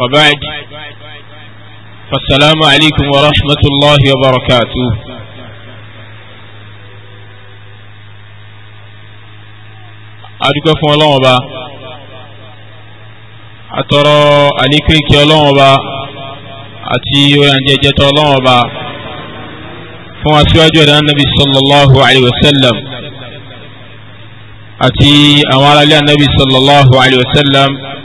وبعد فالسلام عليكم ورحمة الله وبركاته أدوك فمالله با أترى عليكم كيالله با أتي وينججت الله با فما سواجه النبي صلى الله عليه وسلم أتي أمال النبي صلى الله عليه وسلم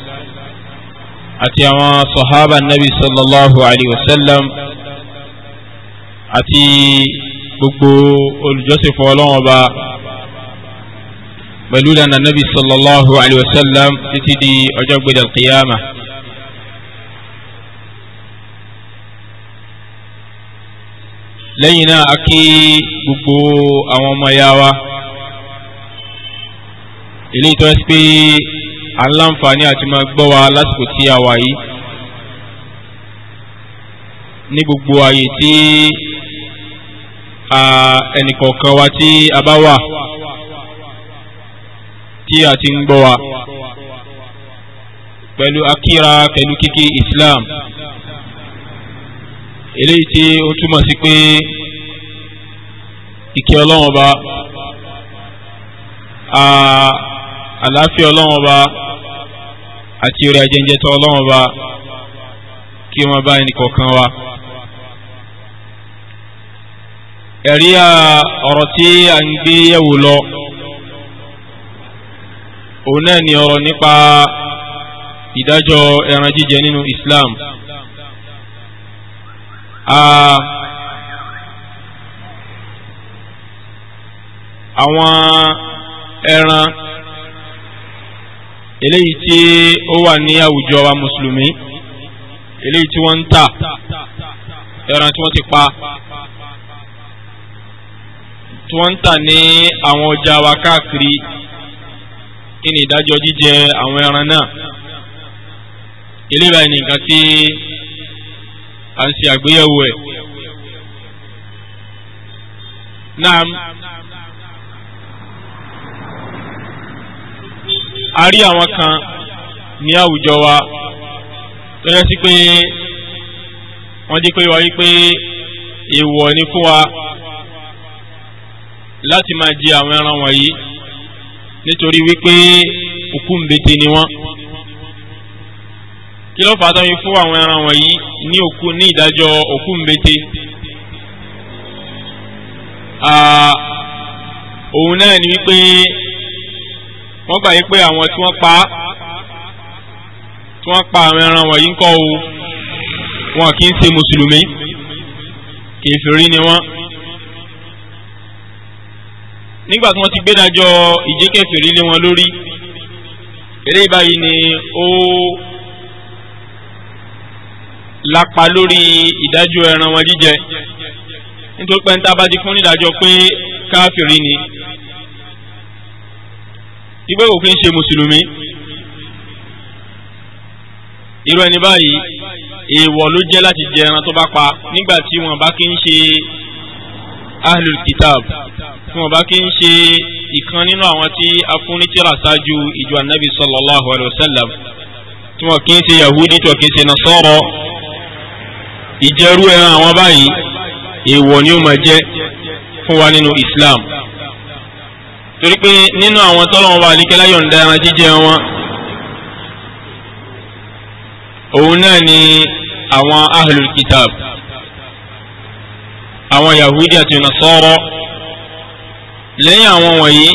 àti àwọn sọ̀hábà nabi sallallahu alayhi wa sallam àti gbogbo olùjọ́sìn fún ọlọ́wọ́n ọba pẹ̀lú lànà nabi sallallahu alayhi wa sallam títí di ọjọ́ gbẹdẹ̀ qiyama. lẹ́yìn náà a gbogbo àwọn ọmọ ya wa eléyìí pé aláǹfààní àti máa gbọ́ wa lásìkò tí a wà yìí ní gbogbo ààyè tí ẹnìkọ̀ọ̀kan wa tí a bá wà tí a ti ń gbọ́ wa pẹ̀lú akíra pẹ̀lú kíkí Islam eléyìí tí ó túmọ̀ sí pé ìkẹ́ ọlọ́wọ́n ba àlàáfíà ọlọ́wọ́n ba àti orí ajẹ́njẹ tó ọlọ́run ọba kí wọ́n bá ẹnì kọ̀ọ̀kan wa. ẹ̀rí ọ̀rọ̀ tí a ń gbé yẹ̀wò lọ òun náà ni ọ̀rọ̀ nípa ìdájọ́ ẹran jíjẹ nínú Islam. àwọn ẹran eléyìí tí ó wà ní àwùjọ wa mùsùlùmí eléyìí tí wọ́n ń tà ẹran tí wọ́n ti pa tí wọ́n ń tà ní àwọn ọjà wa káàkiri kí ni ìdájọ́ jíjẹ àwọn ẹran náà eléyìí báyìí ni nǹkan tí à ń ṣe àgbéyẹ̀wò ẹ̀ a rí àwọn kan ní àwùjọ wa tó yẹ sí pé wọ́n jẹ́ pé wá wípé èèwọ̀ ni fún wa láti máa jẹ àwọn ẹran wọ̀nyí nítorí wípé òkúńbete ni wọ́n kí ló fà á tọ́yìn fún àwọn ẹran wọ̀nyí ní òkú ní ìdájọ́ òkúńbete òun náà ni wípé wọ́n gbà yí pé àwọn tí wọ́n pa tí wọ́n pa àwọn ẹran wọ̀nyí ń kọ́ o wọn kì í ṣe mùsùlùmí kèfèrí ni wọ́n nígbà tí wọ́n ti gbẹ́dájọ́ ìjẹ́kẹ̀fèrí lé wọn lórí eré báyìí ni ó lápa lórí ìdájọ́ ẹran wọn jíjẹ nítorí pé ń tá a bá ti fún nídájọ́ pé káfìrí ni ìgbé kò kí ń ṣe mùsùlùmí irú ẹni báyìí èèwọ̀ ló jẹ́ láti jẹ ẹran tó bá pa nígbà tí wọn bá kí ń ṣe ahlul kitab tí wọn bá kí ń ṣe ìkan nínú àwọn tí afúnitìrà ṣáájú ìjọ anabi sallallahu alayhi wa sallam tí wọn kì í ṣe yahudi tí wọn kì í ṣe nasọrọ ìjẹrú ẹran àwọn báyìí èèwọ̀ ni ó máa jẹ́ fún wa nínú islam. islam torí pé nínú àwọn tọ́lọ́wọ́n bá alikẹ́lá yọ̀ǹda ẹran jíjẹ wọn òun náà ni àwọn ahlul kitab àwọn yahudi àti nasara lẹ́yìn àwọn wọ̀nyí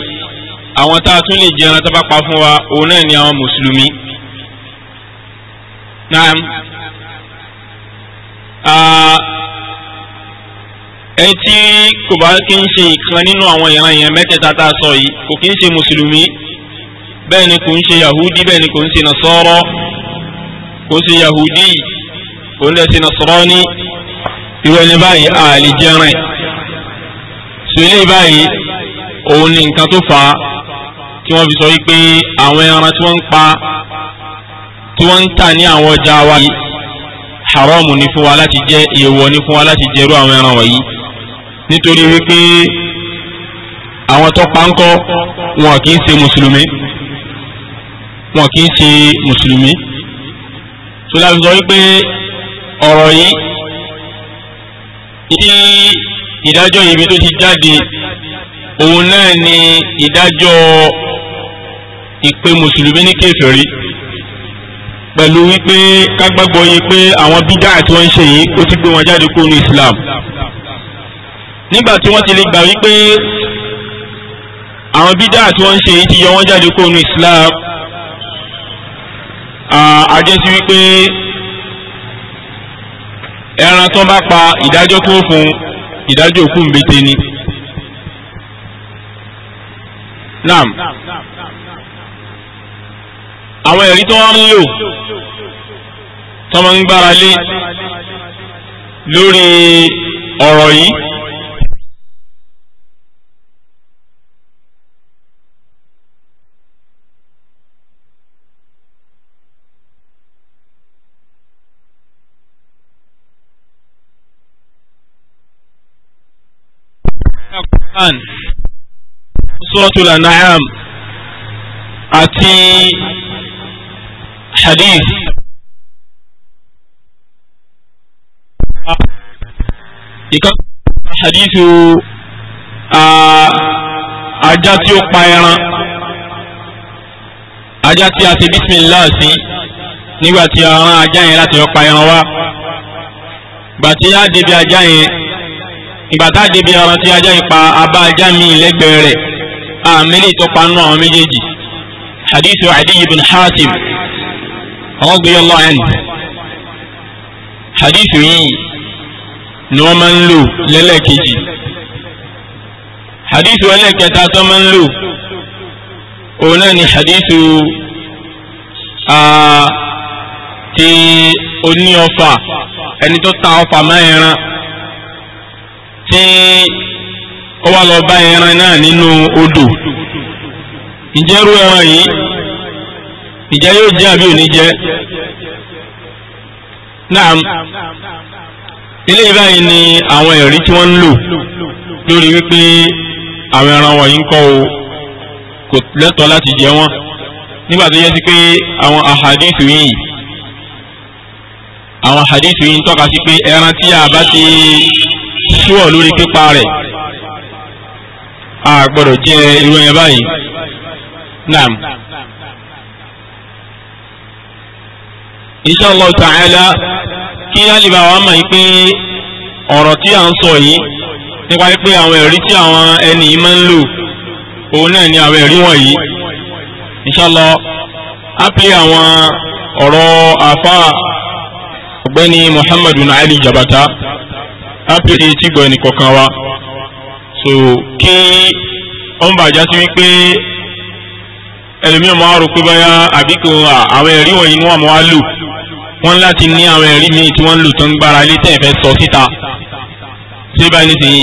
àwọn tá a tún lè jẹ ẹran tó bá pa fún wa òun náà ni àwọn mùsùlùmí naam ah, ẹni tí kò bá kí ń ṣe ìkan nínú àwọn ìran yẹn mẹ́tẹ̀ẹ̀ta tá a sọ yìí kò kí ń ṣe mùsùlùmí bẹ́ẹ̀ ni kò ń ṣe yahudi bẹ́ẹ̀ ni kò ń ṣe nasọ́rọ́ kò ń ṣe yahudi kò ń ṣe nasọ́rọ́ ní irú ẹni báyìí àlè jẹrin sọ eléyìí báyìí òun ni nǹkan tó fà á tí wọ́n fi sọ wípé àwọn ẹran tí wọ́n ń pa tí wọ́n ń tà ní àwọn ọjà wa yìí haramu ni fún wa láti jẹ èèwọ̀ ni fún wa láti jẹrú àwọn ẹran wọ̀nyí nítorí wípé àwọn tó pa ń kọ́ wọn kì í ṣe mùsùlùmí wọn kì í ṣe mùsùlùmí tó láti sọ wípé ọ̀rọ̀ yìí tí ìdájọ́ ibi tó ti jáde òun náà ni ìdájọ́ ìpè mùsùlùmí ní kèfèrí pẹ̀lú wípé kágbàgbọ́ yìí pé àwọn bídà tí wọ́n ń ṣe yìí ó ti gbé wọn jáde kúrò ní Islam. Islam nígbà tí wọ́n ti lè gbà wípé àwọn bídà tí wọ́n ń ṣe ti yọ wọ́n jáde kó nu Islam àjẹsí wípé ẹran tó bá pa ìdájọ́ kó fún ìdájọ́ òkú mbete ni. Naam àwọn ẹ̀rí tó wọ́n ń lò tó ń gbára lé lórí ọ̀rọ̀ yìí. Quran Suratul An'am àti Hadith. Ìkan Hadithu ajá tí ó pa ẹran ajá tí a ti bísmìlá sí nígbà tí a rán ajá yẹn láti lọ pa ẹran wá. Gbàtí á débi ajá yẹn ìgbà tá a débi ọ̀ràn tí ajá ipa abá ajá mi lẹ́gbẹ̀ẹ́ rẹ̀ àmìlí ìtọ́panú àwọn méjèèjì hadithu adi ibn hatim radiyallahu anhu hadithu yìí ni wọ́n máa ń lò lẹ́lẹ́kejì hadithu ẹlẹ́kẹta tó máa ń lò òun náà ni hadithu ti oní ẹni tó ta ọfà máa ń ran tí ó wá lọ bá ẹran náà nínú odò ǹjẹ́ rú ẹran yìí ǹjẹ́ yóò jẹ́ àbí òní jẹ́ naam eléyìí báyìí ni àwọn ẹ̀rí tí wọ́n ń lò lórí wípé àwọn ẹran wọ̀nyí ń kọ́ o kò lẹ́tọ̀ọ́ láti jẹ wọ́n nígbà tó yẹ sí pé àwọn àhàdíìsì yìí àwọn àhàdíìsì yìí ń tọ́ka sí pé ẹran tí a bá ti ṣúọ̀ lórí pípa rẹ̀ a gbọ́dọ̀ jẹ́ irú ẹ̀ báyìí naam insha Allah ta'ala kí alìbá wa mọ̀ yí pé ọ̀rọ̀ tí à ń sọ yìí nípa pé àwọn ẹ̀rí tí àwọn ẹni yìí máa ń lò òun náà ni àwọn ẹ̀rí wọ̀nyí insha Allah á àwọn ọ̀rọ̀ àfa ọ̀gbẹ́ni Muhammadu Ali Jabata á bèrè etí gbọ́ ẹnì kọ̀ọ̀kan wa so kí wọ́n bàjá sí wípé ẹlòmíràn máa rò pé báyà àbí kò àwọn ẹ̀rí wọ̀nyí ni wọ́n máa lò wọ́n láti ní àwọn ẹ̀rí míì tí wọ́n ń lò tó ń gbára lé tẹ̀ fẹ́ sọ síta ṣé báyìí nísìnyí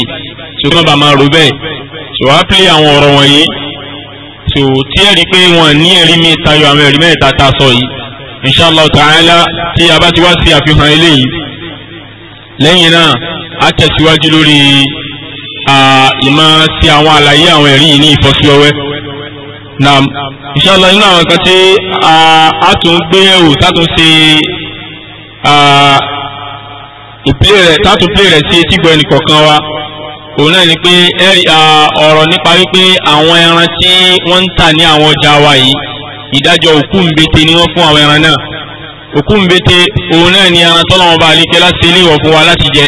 ṣùgbọ́n bàbá máa rò bẹ́ẹ̀ ṣùgbọ́n á àwọn ọ̀rọ̀ wọ̀nyí so tí ẹ̀rí pé wọ́n ní ẹ̀rí míì tayọ àwọn ẹ̀rí mẹ́ta tá a sọ yìí inshallah ta'ala tí a bá ti wá sí àfihàn eléyìí lẹ́yìn náà àtẹ̀síwájú lórí ìmọ̀ sí àwọn àlàyé àwọn ẹ̀rí yìí ní ìfọ́síwẹ́wẹ́ naam inshallah nínú àwọn kan tí a tún gbé ẹ̀wò tátún ṣe ìpìlẹ̀ rẹ̀ tátún pìlẹ̀ rẹ̀ sí etígbọ̀ ẹnì kọ̀ọ̀kan wa òun náà ni pé ẹ̀rí ọ̀rọ̀ nípa wípé àwọn ẹran tí wọ́n ń tà ní àwọn ọjà wa yìí ìdájọ́ òkú ńbete ni wọ́n fún àwọn ẹran náà òkú ńbete òun náà ni ẹran tọ́lọ́wọ́n bá àlékẹ́ láti ilé ìwọ̀ fún wa láti jẹ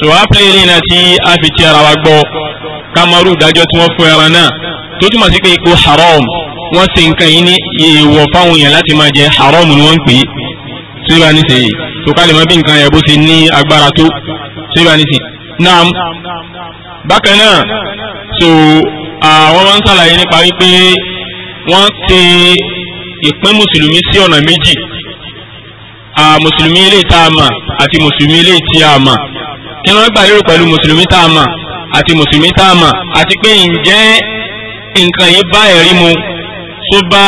so a pèlè eléyìí náà tí a ara wa gbọ́ kamaru ìdájọ́ tí wọ́n fún ẹran náà tó túmọ̀ pé ipò haram wọ́n ṣe nǹkan yìí ní èèwọ̀ fáwọn èèyàn láti máa jẹ haram ni wọ́n ń pè é tí bá ní sè é tó ká lè mọ bí nǹkan yẹn bó ṣe ní agbára tó tí bá ní sè é. naam bákan náà so àwọn máa ń ṣàlàyé nípa wípé wọ́n ṣe ìpín mùsùlùmí sí ọ̀nà méjì mùsùlùmí ilé tá a àti mùsùlùmí ilé tí a kí wọ́n gbà lérò pẹ̀lú mùsùlùmí tá a mà àti mùsùlùmí tá a mà àti pé ǹjẹ́ nǹkan yìí bá ẹ̀rí mu tó bá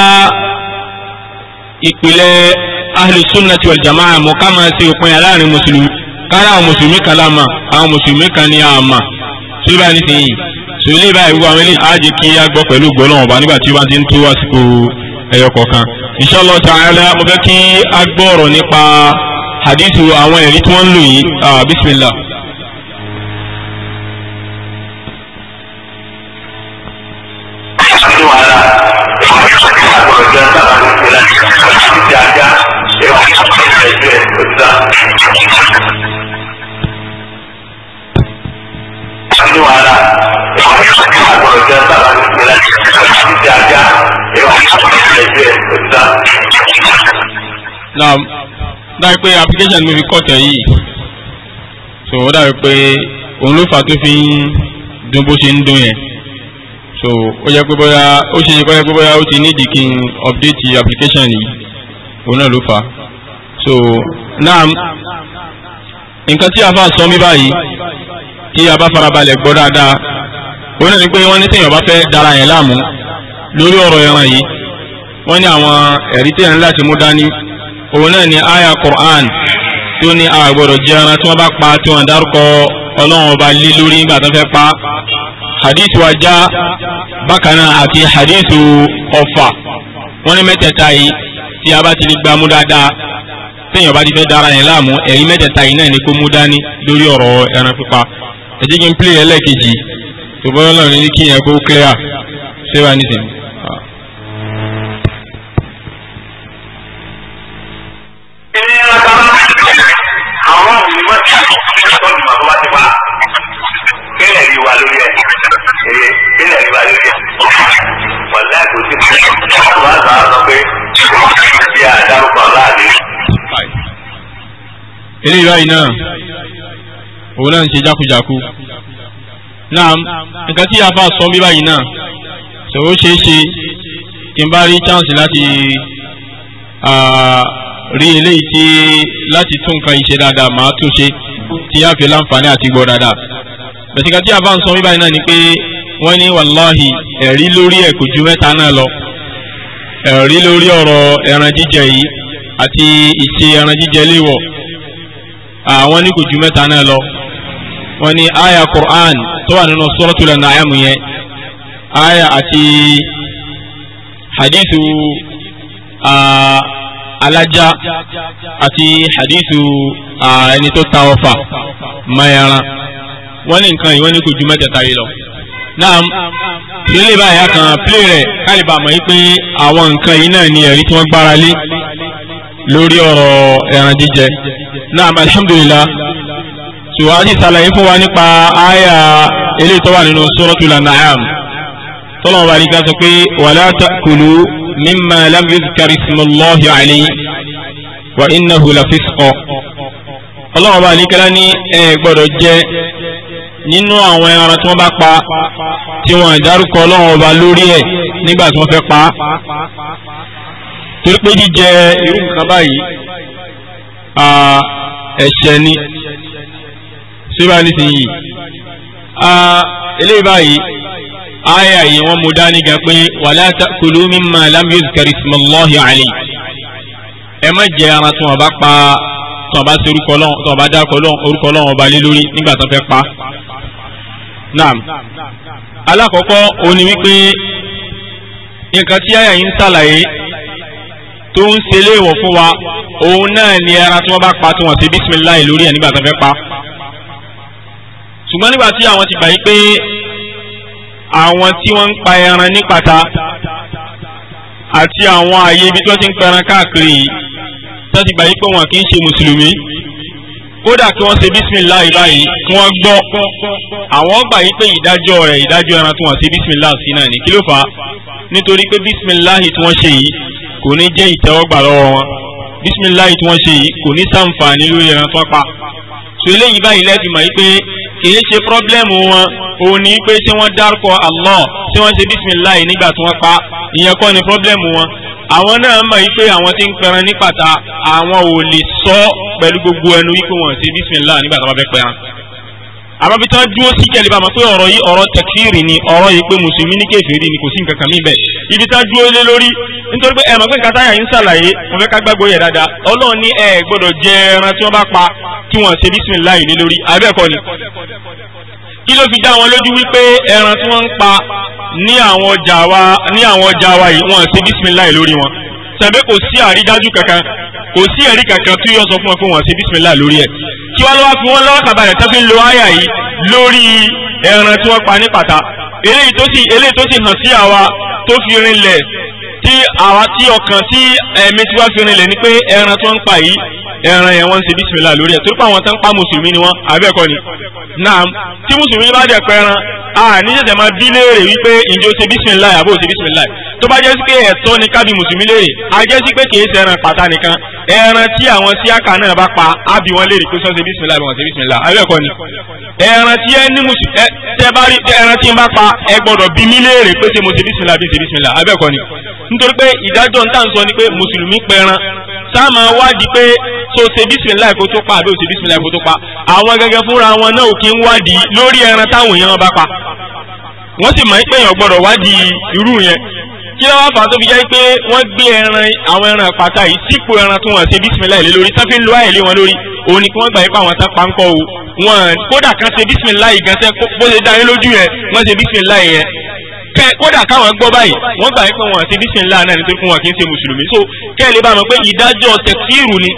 ìpìlẹ̀ ahlùsúnnàtì wal jamaa mu ká máa ṣe òpin aláàrin mùsùlùmí kára àwọn mùsùlùmí kan láàmà àwọn mùsùlùmí kan ní àmà tó bá ní sìn yìí tó ilé báyìí wíwá wọlé àjẹ kí á gbọ́ pẹ̀lú gbọ́lọ́ ọ̀bá nígbà tí wọ́n ti ń tó àsìkò ẹ̀yọ inshallah ta'ala mo fẹ́ kí á gbọ́ ọ̀rọ̀ nípa hadithu àwọn ẹ̀rí tí wọ́n ń dáa pé application mi fi kọ̀tẹ̀ yìí so ó dáa pé òun ló fà tó fi ń dún bó ṣe ń dún yẹn so ó yẹ pé bóyá ó ṣe kọ́ yẹ pé bóyá ó ti ní ìdí kí n update application yìí òun náà ló fà so náà nǹkan tí a fà sọ mí báyìí tí a bá farabalẹ̀ gbọ́ dáadáa òun náà ni pé wọ́n ní téèyàn bá fẹ́ dara yẹn láàmú lórí ọ̀rọ̀ ẹran yìí wọ́n ní àwọn ẹ̀rí téèyàn láti mú dání òun náà ni aya Qur'an tó ní a gbọ́dọ̀ jẹ ẹran tí wọ́n bá pa tí wọ́n dárúkọ ọlọ́run ọba lé lórí nígbà tó fẹ́ pa hadithu ajá bákan náà àti hadithu ọfà wọ́n ní mẹ́tẹ̀ẹ̀ta yìí tí a bá ti lè gbámú dáadáa téèyàn bá ti fẹ́ dára yẹn láàmú ẹ̀rí mẹ́tẹ̀ẹ̀ta yìí náà ni kó mú dání lórí ọ̀rọ̀ ẹran pípa ẹ jẹ́ kí n pílè ẹlẹ́ẹ̀kejì tó bọ́ lọ́rùn ní kí yẹn kó clear ṣé wà ee ilẹ̀ ní balẹ̀ jẹ wàlá kò sí wà á sàn sọ pé bí a dárúkọ láàrin. eléyìí báyìí náà òun náà ń ṣe jákujàku náà nǹkan tí a bá sọ bí báyìí náà ṣòro ṣeé ṣe kí n bá rí chance láti rí eléyìí tí láti tún nǹkan yìí ṣe dáadáa màá tún ṣe tí a fi láǹfààní àti gbọ́ dáadáa bẹ̀sìkà tí a bá ń sọ bí báyìí náà ni pé wọ́n ní wàláhì ẹ̀rí lórí ẹ̀ kò ju mẹ́ta náà lọ ẹ̀rí lórí ọ̀rọ̀ ẹran jíjẹ yìí àti ìṣe ẹran jíjẹ léwọ̀ àwọn ní kò ju mẹ́ta náà lọ wọ́n ní aya Qur'an tó wà nínú Suratul An'am yẹn aya àti hadithu alájá àti hadithu ẹni tó ta ọfà mayaran wọ́n ní nǹkan yìí wọ́n ní kò ju mẹ́tẹ̀ẹ̀ta yìí lọ naam ilé báyìí kan plé rẹ̀ kálíbà mọ̀ yí pé àwọn nǹkan yìí náà ni ẹ̀rí tí wọ́n gbára lé lórí ọ̀rọ̀ ẹran jíjẹ naam alhamdulillah tùwájú ṣàlàyé fún wa nípa àyà eléyìí tó wà nínú suratul an'am tọ́lọ́mọba ní ká sọ pé wala ta'kulu mimma lam yuzkar ismullahi alayhi wa innahu lafisq ọlọ́mọba ní kẹ́lá ní ẹ gbọ́dọ̀ jẹ nínú àwọn ẹran tí wọ́n bá pa tí wọ́n ìdárúkọ ọlọ́run ọba lórí ẹ̀ nígbà tí wọ́n fẹ́ pa á torí pé jíjẹ irú nǹkan báyìí ẹ̀ṣẹ̀ ni síbá nísìnyí eléyìí báyìí aya yìí wọ́n mú dání gan pé wala ta'kulu mimma lam yuzkar ismullahi alayhi ẹ má jẹ ara tí wọ́n bá pa tí wọ́n bá ṣe orúkọ lọ́wọ́ tí wọ́n bá dá orúkọ lọ́wọ́ ọba lé lórí nígbà tí wọ́n fẹ́ pa naam Alakoko òní wípé nǹkan tí àyà yìí ń ṣàlàyé tó ń ṣe léèwọ̀ fún wa òun náà ni ẹran tí wọ́n bá pa tí wọ́n ṣe bísímìláì lórí ẹ̀ nígbà tó fẹ́ pa ṣùgbọ́n nígbà tí àwọn ti gbà yí pé àwọn tí wọ́n pa ẹran ní pàtà àti àwọn ààyè ibi tí wọ́n ti ń pẹran káàkiri yìí tó ti gbà yí pé wọn kì í ṣe mùsùlùmí kódà kí wọ́n ṣe bísímìlá ìbáyìí kí wọ́n gbọ́ àwọn gbà yí pé ìdájọ́ rẹ̀ ìdájọ́ ẹran tí wọ́n ṣe bísímìlá sí náà ní kí ló fà á nítorí pé bísímìlá yìí tí wọ́n ṣe yìí kò ní jẹ́ ìtẹ́wọ́gbà lọ́wọ́ wọn bísímìlá yìí tí wọ́n ṣe yìí kò ní sàǹfààní lórí ẹran tó pa so eléyìí báyìí lẹ́bi mọ̀ pé kìí ṣe pírọ́blẹ́mù wọn òun ní pé ṣé wọ́n dárúkọ Allah ṣé wọ́n ṣe bísímìlá yìí nígbà tí wọ́n pa ìyẹn kọ́ ni pírọ́blẹ́mù wọn àwọn náà mọ̀ pé àwọn tí ń pẹran ní pàtà àwọn ò lè sọ pẹ̀lú gbogbo ẹnu wípé wọn ṣe bísímìlá nígbà tó bá fẹ́ pẹ́ hàn. àmọ́ bí tí wọ́n dúró sí kẹ́lẹ́ bá mọ̀ pé ọ̀rọ̀ yìí ọ̀rọ̀ tẹ̀kfíìrì ni ọ̀rọ̀ yìí pé mùsùlùmí ní kèfèrí ni kò sí nǹkan kan mí bẹ́ẹ̀. ibi tí wọ́n dúró lé lórí nítorí pé ẹ̀mọ́ pé kàtáyà ń ṣàlàyé wọn fẹ́ ká gbàgbọ́ yẹ dáadáa ọlọ́run ní ẹ gbọ́dọ̀ jẹ ẹran tí wọ́n bá pa kí wọ́n ṣe bísímìlá yìí lé lórí àbẹ́ẹ̀kọ́ ni kí ló fi dá wọn lójú wípé ẹran tí wọ́n ń pa ní àwọn ọjà wa ní àwọn ọjà wa yìí wọ́n ṣe bísímìlá yìí lórí wọn sẹ̀mbẹ́ kò sí àrídájú kankan kò sí ẹ̀rí kankan tí yóò sọ fún ọ pé wọ́n ṣe bísímìlá lórí ẹ̀ kí wọ́n lọ́wọ́ fi wọ́n lọ́wọ́ kàbàlẹ̀ tó fi ń lo àyà yìí lórí ẹran tí wọ́n pa ní pàtà eléyìí tó sì eléyìí tó sì hàn sí àwa tó fi rinlẹ̀ tí àwa tí ọkàn tí ẹ̀mí tí wàá fi rinlẹ̀ ni pé ẹran tó ń pa yìí ẹran yẹn wọ́n ń ṣe bísímìlá lórí ẹ̀ torí pé àwọn tó ń pa mùsùlùmí ni wọ́n àbẹ́ẹ̀kọ́ ni naam tí mùsùlùmí bá dẹ̀ pẹ́ran a ní ṣẹ̀ṣẹ̀ máa bí léèrè wípé ǹjẹ́ o ṣe bísímìlá àbò ṣe bísímìlá tó bá jẹ́ sí pé ẹ̀tọ́ ni kábí mùsùlùmí léèrè a jẹ́ sí pé kì í ṣe ẹran pàtà nìkan ẹran tí àwọn síyáka náà bá pa á bí wọn léèrè pé sọ ṣe bísímìlá àbí wọn ṣe bísímìlá àbẹ́ẹ̀kọ́ ni ẹran tí ẹ ní mùsùlùmí tẹ bá rí ẹran tí ń bá pa ẹ gbọ́dọ̀ bí mí léèrè pé ṣe mo ṣe bísímìlá àbí ṣe bísímìlá àbẹ́ẹ̀kọ́ ni nítorí pé ìdájọ́ ń tàn sọ ni pé mùsùlùmí pẹran sáà máa wádìí pé tó ṣe bísímìláì kó tó pa àbí ó ṣe bísímìláì kó tó pa àwọn gẹ́gẹ́ fúnra wọn náà kì í wádìí lórí ẹran táwọn èèyàn bá pa wọ́n sì máa ń pèèyàn gbọ́dọ̀ wádìí irú yẹn kí lọ́wọ́ fà á tó fi jẹ́ pé wọ́n gbé ẹran àwọn ẹran àpáta yìí sípò ẹran tí wọ́n ṣe bísímìláì lé lórí tán fi àìlé wọn lórí òun kí wọ́n gbà yípa àwọn tán pa ń kọ́ o wọn kódà kan ṣe bísímìláì gan sẹ́ bó ṣe dá yín lójú yẹn wọ́n ṣe bísímìláì yẹn kẹ kódà káwọn gbọ́ báyìí wọ́n gbà pé wọn àti bísí ńlá náà nítorí fún wọn kì í ṣe mùsùlùmí so kẹ́lẹ́ bá mọ̀ pé ìdájọ́ tẹ̀síìrù ni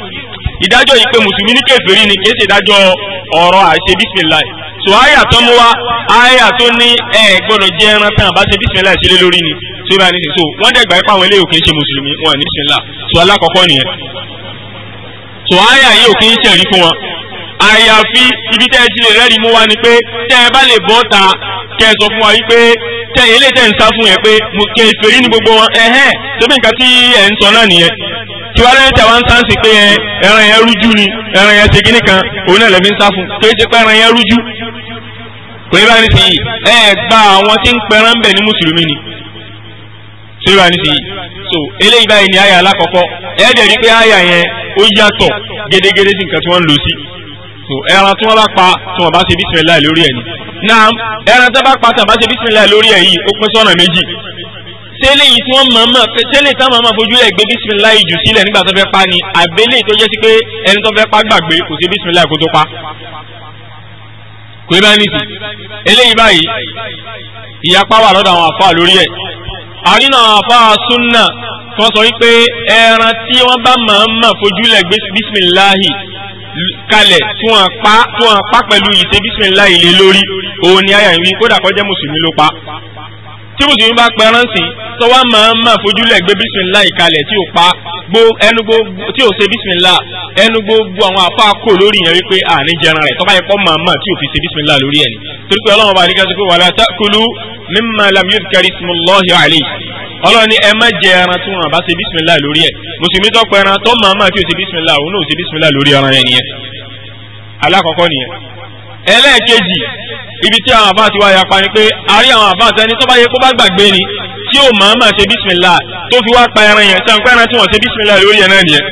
ìdájọ́ yìí pé mùsùlùmí ní kèfèrí ni kì í ṣe ìdájọ́ ọ̀rọ̀ àṣẹ bísí so àyà tó mú wa àyà tó ní ẹ gbọ́dọ̀ jẹ́ ẹran tán àbá ṣe bísí ńlá ìṣẹlẹ lórí ni so ìbá ní so wọ́n dẹ̀ gbà pé àwọn eléyìí kì í ṣe mùsùlùmí wọn ní ńlá so alákọ̀ọ́kọ́ nìyẹn so àyà yìí ò kì í ṣẹ̀rí fún wọn àyàfi ibi tẹ́ ẹ ti lè rẹ́rìí mú wa ni pé tẹ́ ẹ bá lè bọ́ ta kẹ́ ẹ sọ fún wa yìí pé tẹ ilé tẹ̀ ń sá fún yẹn pé mo kẹ́ ẹ fèrè ní gbogbo wọn ẹ̀hẹ́n tóbi nǹkan tí ẹ̀ ń sọ náà nìyẹn tiwara yẹn tàwọn sáǹsì pé ẹran yẹn rújú ni ẹran yẹn ṣe kíní kan òun náà lẹ́bí ń sá fún kéé ṣe pé ẹran yẹn rújú kò ní bá ní sìn yìí ẹ gba àwọn tí ń pẹran bẹ̀ ní mùsùlùmí ni ṣé bá ní sìn yìí so eléyìí báyìí ni àyà alákọ̀ọ́kọ́ ẹ̀ẹ́dẹ̀ rí pé àyà yẹn ó yàtọ̀ gédégédé sí nǹkan tí so ẹran tí wọ́n bá pa tí wọ́n bá ṣe bísímìláì lórí ẹ̀ ni náà ẹran tí wọ́n bá pa tí wọ́n bá ṣe bísímìláì lórí ẹ̀ yìí ó pín sọ́nà méjì tẹ́lẹ̀ yìí tí wọ́n mọ̀ mọ̀ tẹ́lẹ̀ tí wọ́n mọ̀ fojú ẹ̀ gbé bísímìláì jù sílẹ̀ nígbà tó fẹ́ pa ni àbẹ́lẹ̀ tó jẹ́ sí pé ẹni tó fẹ́ pa gbàgbé kò sí bísímìláì kó tó pa kò ní bá ní eléyìí kalẹ̀ tí wọ́n pa tí wọ́n pa pẹ̀lú ìṣe bísímìlá ilé lórí òun ni àyà ìwí kódà kọjá mùsùlùmí ló pa tí mùsùlùmí bá pẹ ránṣì tó wá máa ń máa fojúlẹ̀ gbé bísímìlá ìkalẹ̀ tí ò pa gbó ẹnu gbogbo tí ò ṣe bísímìlá ẹnu gbogbo àwọn afá kò lórí yẹn wípé àní jẹran rẹ̀ tọ́ba yẹn pọ́ máa máa tí ò fi ṣe bísímìlá lórí ẹ̀ ni torí pé ọlọ́run bá ní kẹ́sì pé wala ta'kulu mimma lam yuzkar ismullahi alayhi ọlọ́run ní ẹ má jẹ ẹran tí wọn bá ṣe bísímìlá lórí ẹ̀ mùsùlùmí tó pẹ ẹran tó máa máa tí ò ṣe bísímìlá òun náà ò ṣe bísímìlá lórí ẹran yẹn nìyẹn alákọ̀ọ́kọ́ nìyẹn ẹlẹ́ẹ̀kejì ibi tí àwọn àbáà ti wá yapa ni pé àárí àwọn àbáà tẹni tó bá yẹ kó bá gbàgbé ni tí ò máa máa ṣe bísímìlá tó fi wá pa ẹran yẹn sẹ́wọ̀n pé ẹran tí wọ́n ṣe bísímìlá lórí ẹran nìyẹn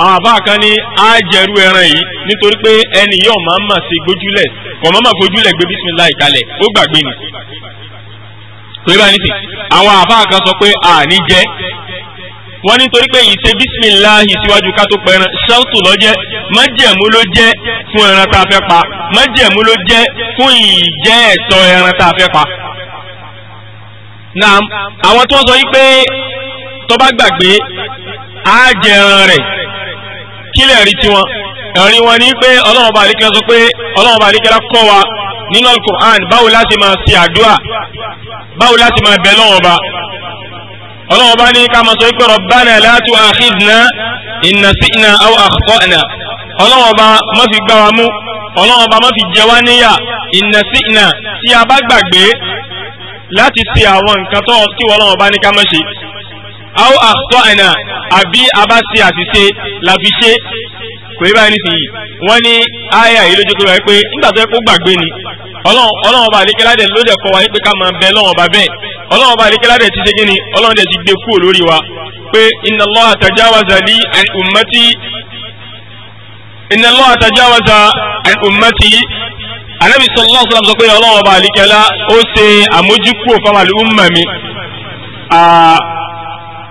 àwọn àbáà kan ní á jẹrú ẹran yìí nítorí pé ẹni yóò máa máa ṣe gbójúlẹ̀ kò máa máa gbójúlẹ̀ gbé bísímìlá ìkalẹ̀ ó gbàgbé ni pé báyìí nìsín àwọn àbáà sọ pé àní jẹ́ wọ́n ní torí pé ìṣe bísímìláhì síwájú ká tó pẹran ṣáùtù ló jẹ́ májẹ̀mú ló jẹ́ fún ẹran tá a fẹ́ pa májẹ̀mú ló jẹ́ fún ìjẹ́ ẹ̀tọ́ ẹran tá a fẹ́ pa. naam àwọn tó ń sọ yìí pé tó bá gbàgbé á jẹ ẹran rẹ̀ kílẹ̀ rí tiwọn ẹ̀rí wọn ní pé ọlọ́run bá àríkẹ́ sọ pé ọlọ́run bá àríkẹ́ kọ́ wa nínú alukur'an báwo láti máa ṣe àdúrà báwo láti máa bẹ lọ́wọ́ ba ọlọ́run bá ní ká máa sọ pé rabbana la tu'akhidhna in nasina aw akhta'na ọlọ́run bá má fi gbá wa mú ọlọ́run bá má fi jẹ wá níyà in nasina tí a bá gbàgbé láti ṣe àwọn nǹkan tó kí ọlọ́run bá ní ká má ṣe aw akhta'na àbí a bá ṣe àṣìṣe làfi ṣe kò rí báyìí nísìnyí wọ́n ní aya yìí lójú kúrò nígbà tó yẹ kó gbàgbé ni ọlọ́run ọba àdékẹ́ládẹ̀ ló dẹ̀ kọ́ wa wípé ká máa bẹ lọ́wọ́n ọba bẹ́ẹ̀ ọlọ́run bá àlékẹ́lá dẹ̀ ti ṣe kíni ọlọ́run dẹ̀ ti gbé kúrò lórí wa pé inna Allaha tajawaza li an ummati inna Allaha tajawaza an ummati anabi sallallahu alaihi wasallam sọ pé ọlọ́run bá àlékẹ́lá ó ṣe àmójúkúrò fáwọn àlùmọ mi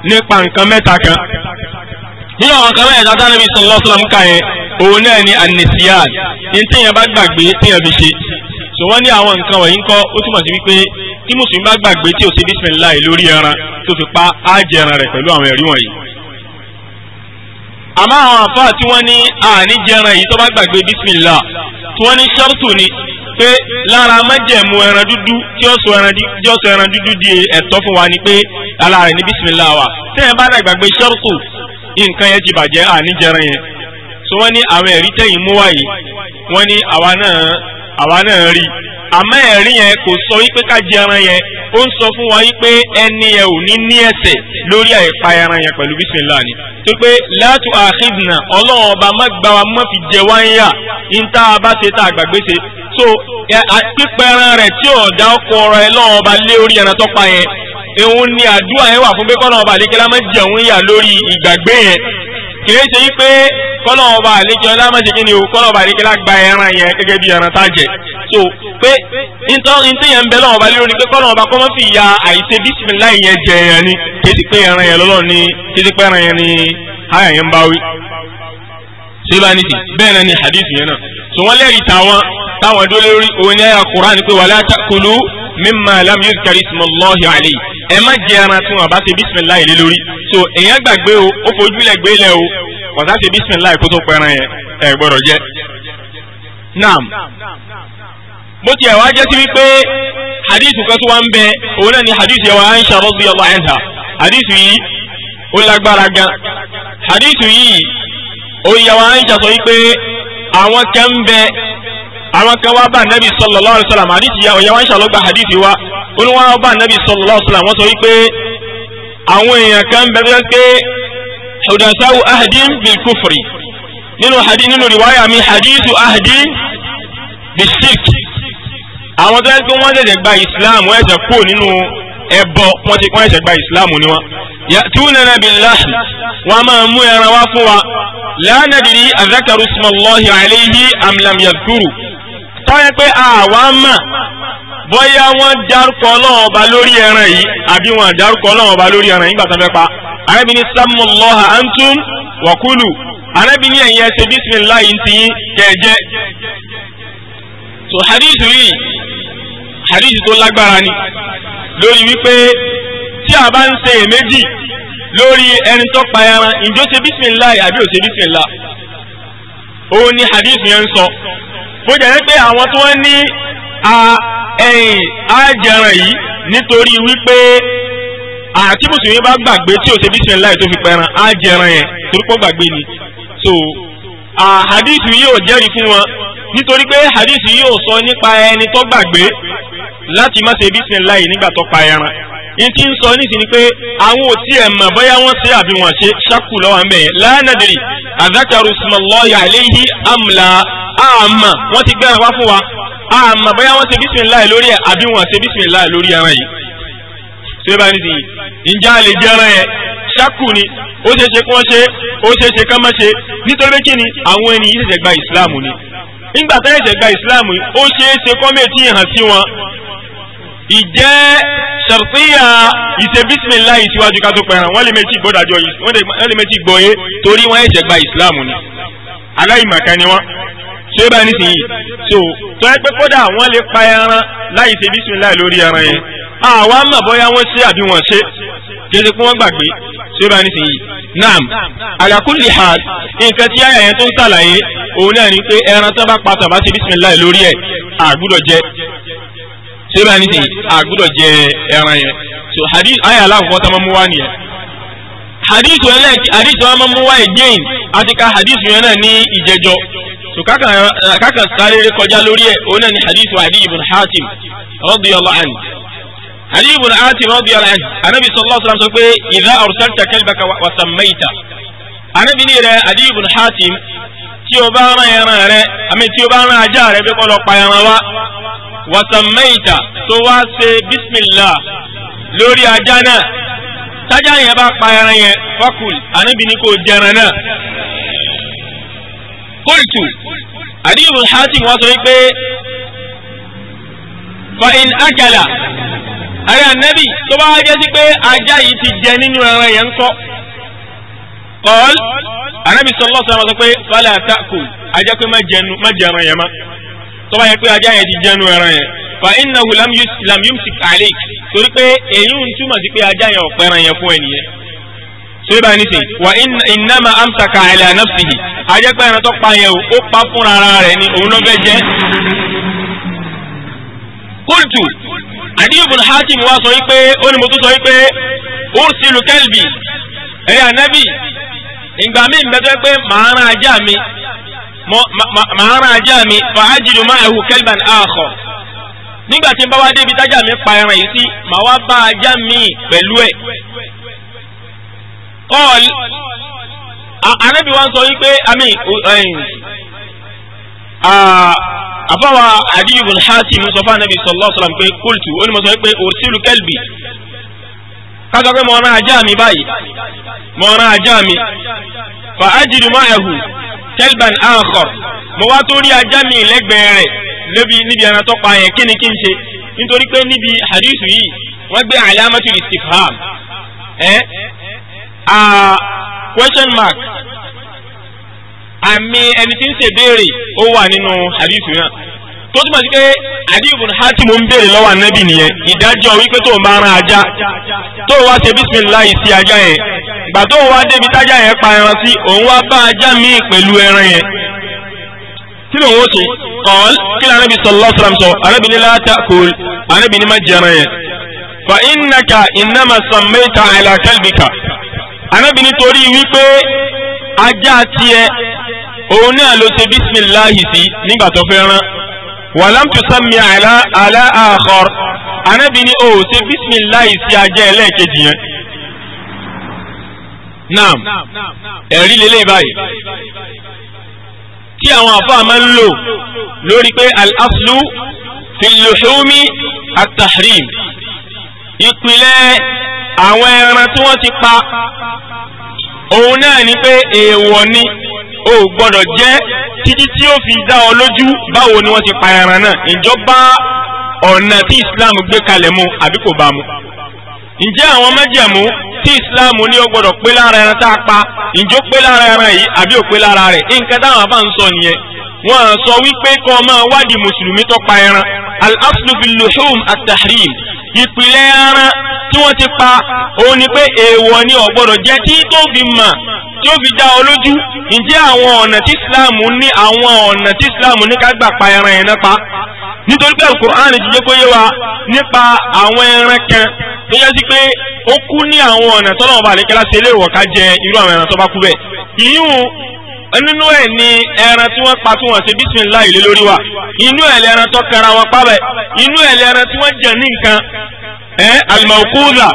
nípa nǹkan mẹ́ta kan nínú àwọn kan mẹ́ta tá anabi sallallahu alaihi ká yẹn òun náà ni anisiyan ní téèyàn bá gbàgbé téèyàn fi ṣe sọ wọ́n ní àwọn nǹkan wọ̀nyí kọ́ ó túmọ̀ sí wípé tí mùsùlùmí bá gbàgbé tí ò sí bísímìláì lórí ẹran tó fi pa á jẹ ẹran rẹ̀ pẹ̀lú àwọn ẹ̀rí wọ̀nyí. àmọ́ àwọn àfáà tí wọ́n ní àní jẹran yìí tó bá gbàgbé bísímìlá tí wọ́n ní ṣọ́ọ̀tù ni pé lára májẹ̀mú ẹran dúdú tí ó sọ ẹran dúdú di ẹ̀tọ́ fún wa ni pé ara rẹ̀ ní bísímìlá wa tẹ́yìn bá dàgbàgbé ṣọ́ọ̀tù nǹkan yẹn ti bàjẹ́ àní jẹran yẹn so wọ́n ní àwọn ẹ̀rí tẹ́yìn mú wáyé wọ́n ní àwa náà rí àmọ́ ẹ̀rí yẹn kò sọ wípé ká jẹ ẹran yẹn ó ń sọ fún wa wípé ẹni yẹn ò ní ní ẹ̀ṣẹ̀ lórí àìpa ẹran yẹn pẹ̀lú bísíńlá ni tó pé látò àkídìnà ọlọ́run ọba má gba wa má fi jẹ wá ń yà ń tá a bá ṣe tá a gbàgbé ṣe so pípẹ́ ẹran rẹ̀ tí ọ̀dà ọkọ̀ ọ̀rọ̀ ẹ lọ́wọ́ ọba lé orí ẹran tọ́pa yẹn òun ni àdúrà yẹn wà fún pé kọ́nà ọba àdékẹ́lá má jẹun yà lórí ìgbàgbé yẹn kìí ṣe yí pé kọ́lọ́wọ́ bá àlékí ọlá má ṣe kí ni o kọ́lọ́wọ́ bá àlékí lágbà ẹran yẹn gẹ́gẹ́ bí ẹran tá so pé ntẹ́yẹ̀ ń bẹ lọ́wọ́ bá lérò ni pé kọ́lọ́wọ́ bá kọ́ mọ́ fi ya àìṣe bísímìlá yẹn jẹ ẹran ni kìí pé ẹran yẹn lọ́lọ́ ni kìí ṣe pé ẹran yẹn ni háyà ń bá wí. ṣé ní sí bẹ́ẹ̀ náà ni hadith yẹn náà so wọ́n lẹ́rìí tàwọn táwọn dúró lórí òun ní àyà Qur'an pé wala ta'kulu mimma lam yuzkar ismullahi alayhi ẹ má jẹ ẹran tí wọn bá ṣe bisimilayi lé lórí so èèyàn gbàgbé o ó fojú ilẹ̀ gbé ilẹ̀ o wọ́n sá ṣe bisimilayi kó tó pẹran yẹn ẹ gbọ́dọ̀ jẹ. naam mo tiẹ̀ wá jẹ́ sí wípé hadith kan tó wá ń bẹ òun náà ni hadith yẹn wà Aisha radiyallahu anha hadith yìí ó lágbára gan hadith yìí òun yẹn wà Aisha sọ wípé àwọn kan ń bẹ àwọn kan wá bá nabi sallallahu alaihi wasallam àdìsí ya ọ̀yà wọn ṣàlọ́gba àdìsí wa ó ní wọn bá nabi sallallahu alaihi wasallam wọn sọ wípé àwọn èèyàn kan ń bẹ pé ṣùdàṣáwù ahadin bil nínú hadith nínú riwaya mi hadithu ahadin bil àwọn tó yẹ kí wọ́n ṣẹ̀ṣẹ̀ gba islam wọ́n ṣẹ̀ṣẹ̀ kú nínú ẹbọ wọ́n ti gba islam ni wọ́n yàtúnana billahi wọn máa mú ẹran wá fún wa lánàdìrí azakaru ismallahi alayhi am lam yadhkuru tọ́yẹ pé àwa mà bóyá wọ́n dárúkọ Ọlọ́run ọba lórí ẹran yìí àbí wọ́n dárúkọ Ọlọ́run ọba lórí ẹran yìí gbàtàn fẹ́ pa arábìnrin sàmúlọ́hà antum wọ̀kúlù arábìnrin ẹ̀yìn ẹsẹ̀ bísímìláì ń tiyín kẹ̀jẹ́. tó hadithu yìí hadithu tó lágbára ni lórí wípé tí a bá ń ṣe èméjì lórí ẹni tó pa ẹran ìjọ ṣe bísímìlá àbí ò ṣe bísímìlá òun ni hadith yẹn ń sọ bó jẹ́ pé àwọn tí wọ́n ní ẹ̀yìn ajẹran yìí nítorí wípé àti mùsùlùmí bá gbàgbé tí ò ṣe bísímìlá tó fi pẹran ajẹran yẹn torípò gbàgbé ni so hadith yìí ò jẹ́rìí fún wọn nítorí pé hadith yìí ò sọ nípa ẹni tó gbàgbé láti má ṣe bísímìlá nígbà tó pa ẹran n ti ń sọ nísìnyí ni pé àwọn ò tí ẹ̀ mọ̀ bóyá wọ́n ṣe àbí wọ́n ṣe ṣàkù lọ́wọ́ ń bẹ̀ yẹn lánàdìrì àdákàrú sùmọ̀lọ́ yàlẹ́yìí àmùlà àmà wọ́n ti gbẹ́ràn wá fún wa àmà bóyá wọ́n ṣe bísímìláì lórí ẹ̀ àbí wọ́n ṣe bísímìláì lórí ara yìí. ṣé bá nísìnyí ǹjẹ́ lè jẹ́ ara yẹn ṣàkù ni ó ṣe ṣe kán ṣe ó ṣe ṣe kán má ṣe nítorí pé kí ni àwọn ẹni yìí ṣẹ̀ṣẹ̀ gba ìsìláàmù ìjẹ́ ṣàrtíyà ìṣe bísímìlá ìṣíwájú ká tó pẹ̀ràn wọ́n lè méjì gbọ́ dájọ́ yìí wọ́n lè méjì gbọ́ yé torí wọ́n ẹ̀ṣẹ̀ gba ìsìláàmù ni aláìmọ̀ká ni wọ́n tí bá ní sìn yìí so tó ẹ pé kódà wọ́n lè pa ẹran láì ṣe bísímìlá lórí ẹran yẹn àwa mọ̀ bóyá wọ́n ṣe àbí wọ́n ṣe kéde kí wọ́n gbàgbé tí bá ní sìn yìí naam ala kulli hal nǹkan tí yáyà yẹn tó ń ṣàlàyé òun náà ni pé ẹran tó bá pa tàbá ṣe bísímìlá lórí ẹ̀ àgbúdọ̀ jẹ sebe ani ti a gbọ́dọ̀ jẹ ẹran so hadith ayé aláwọ tó máa mú wá nìyẹn hadith yẹn hadith yẹn máa mú wá again àti ka hadith yẹn náà ní ìjẹjọ so kákan sáré kọjá lórí ẹ òun náà ní hadith wa hadith ibn hatim radiyallahu anhu hadith ibn hatim radiyallahu anhu anabi sallallahu alaihi wa sallam sọ pé idha arsalta kalbaka wa sammayta anabi ní rẹ hadith ibn hatim tí o bá rán ẹran rẹ àmì tí o bá rán ajá rẹ bí kò lọ pa ẹran wa wàtàmẹ́ìtà tó wá ṣe bísímìlá lórí ajá náà tájá yẹn bá pa ẹran yẹn fọkùl àníbi ni kò jẹran náà. kóòtù àdìbò hátìm wọ́n sọ wípé fa'in akala ayé anabi tó bá wá jẹ́ sí pé ajá yìí ti jẹ nínú ẹran yẹn ń kọ́ anabi sọlọ sọ ma sọ pé fàlẹ àtàkù ajá pé má jẹnu má jẹ ẹran yẹn má tó bá yẹ pé ajá yẹn ti jẹnu ẹran yẹn fa iná wù lam yum sí kàlẹ́ torí pé èyí ń túmọ̀ sí pé ajá yẹn ọ̀pẹ ẹran yẹn fún ẹ nìyẹn sori bá ní sè wà ìnáma amsaka àlẹ́ ànáfsìhì ajá pé ẹran tó pa yẹn o ó pa fúnra ara rẹ̀ ni òun náà fẹ́ jẹ́ kóòtù àdíyòbùn hakim wá sọ wípé ó ní mo tún sọ wípé ó ń sílu ẹ̀yà nábì ìgbà mi ń bẹ́tọ́ pé màá rán ajá mi màá rán ajá mi fàájìlú máa ẹ̀hù kẹ́lìmán àkọ́ nígbà tí n bá wá débi tájà mi pa ẹran yìí sí màá wá bá ajá mi pẹ̀lú ẹ̀ kọ́ọ̀lì anábì wa ń sọ wípé àmì àbáwa àdìyí bùn hásìm sọ fún anábì sallallahu pé kóòtù ó ní mo sọ wípé òrìṣìlú kẹ́lìbì kátó pé mọ̀ọ́rán ajá mi báyìí mọ̀ọ́rán ajá mi fa ajidu ma'ahu kelban akhar mo wá tó rí ajá mi lẹ́gbẹ̀ẹ́ rẹ̀ lóbi níbi ẹran tó pa yẹn kí ni kí n ṣe nítorí pé níbi hadithu yìí wọ́n gbé alamatu istifham ẹ́ a question mark àmì ẹni tí ń ṣèbéèrè ó wà nínú hadithu náà tó túmọ̀ sí pé àdìbùn hátìmù ń béèrè lọ́wọ́ ànábì nìyẹn ìdájọ́ wípé tó ń bá ran ajá tó wá ṣe bísímìláì sí ajá yẹn ìgbà tó wá débi tájá yẹn pa ẹran sí òun wá bá ajá míì pẹ̀lú ẹran yẹn kí ló ń wọ́n ṣe ọ̀ọ́l kí lóun anábì sallallahu alaihi sọ anábì ní láta kò anábì ní má jẹran yẹn fa innaka innama sammayta ala kalbika anábì nítorí wípé ajá tiẹ̀ òun náà ló ṣe bísímìláì sí nígbà tó fẹ́ wàlám tó sàmì àlá àkọ́r anábì ni o ṣe bisimilayi sí ajá ẹlẹ́ẹ̀kejì yẹn. naam ẹ̀rí lélẹ̀ báyìí tí àwọn àfáà máa ń lò lórí pé al-aslu fil-luhumi at-tahrim ìpìlẹ̀ àwọn ẹran tí wọ́n ti pa òun náà ni pé èèwọ̀ ni o gbọ́dọ̀ jẹ́ títí tí ó fi dá ọ lójú báwo ni wọ́n ti pa ẹran náà ìjọba ọ̀nà tí Islam gbé kalẹ̀ mu àbí kò bá mu ǹjẹ́ àwọn májẹ̀mú tí Islam ní ó gbọ́dọ̀ pé lára ẹran tá a pa ǹjọ́ pé lára ẹran yìí àbí ò pé lára rẹ̀ nǹkan táwọn àbá ń sọ nìyẹn wọ́n à sọ wípé kọ́ ọ máa wádìí mùsùlùmí tó pa ẹran al-aslu fil-luhum at-tahrim ìpìlẹ̀ ẹran tí wọ́n ti pa òun ni pé èèwọ̀ ni ò jẹ́ tí tó fi mà tí ó fi já ọ lójú ǹjẹ́ àwọn ọ̀nà tí islam ní àwọn ọ̀nà tí islam ní ká gbà pa ẹran yẹn nípa nítorí pé alukur'an ti jẹ́ kó yé wa nípa àwọn ẹran kan tó yẹ sí pé ó kú ní àwọn ọ̀nà tó lọ́wọ́ bá àlékẹ́lá ṣe lè wọ̀ ká jẹ irú àwọn ẹran tó bá kú bẹ́ẹ̀ ìyún nínú ẹ̀ ni ẹran tí wọ́n pa tí wọ́n ṣe bísímìláì lé lórí wa inú ẹ̀ lẹ́ran tó kara wọn pa bẹ́ẹ̀ inú ẹ̀ lẹ́ran tí wọ́n jẹ ní nǹkan ẹ eh, alimawukuza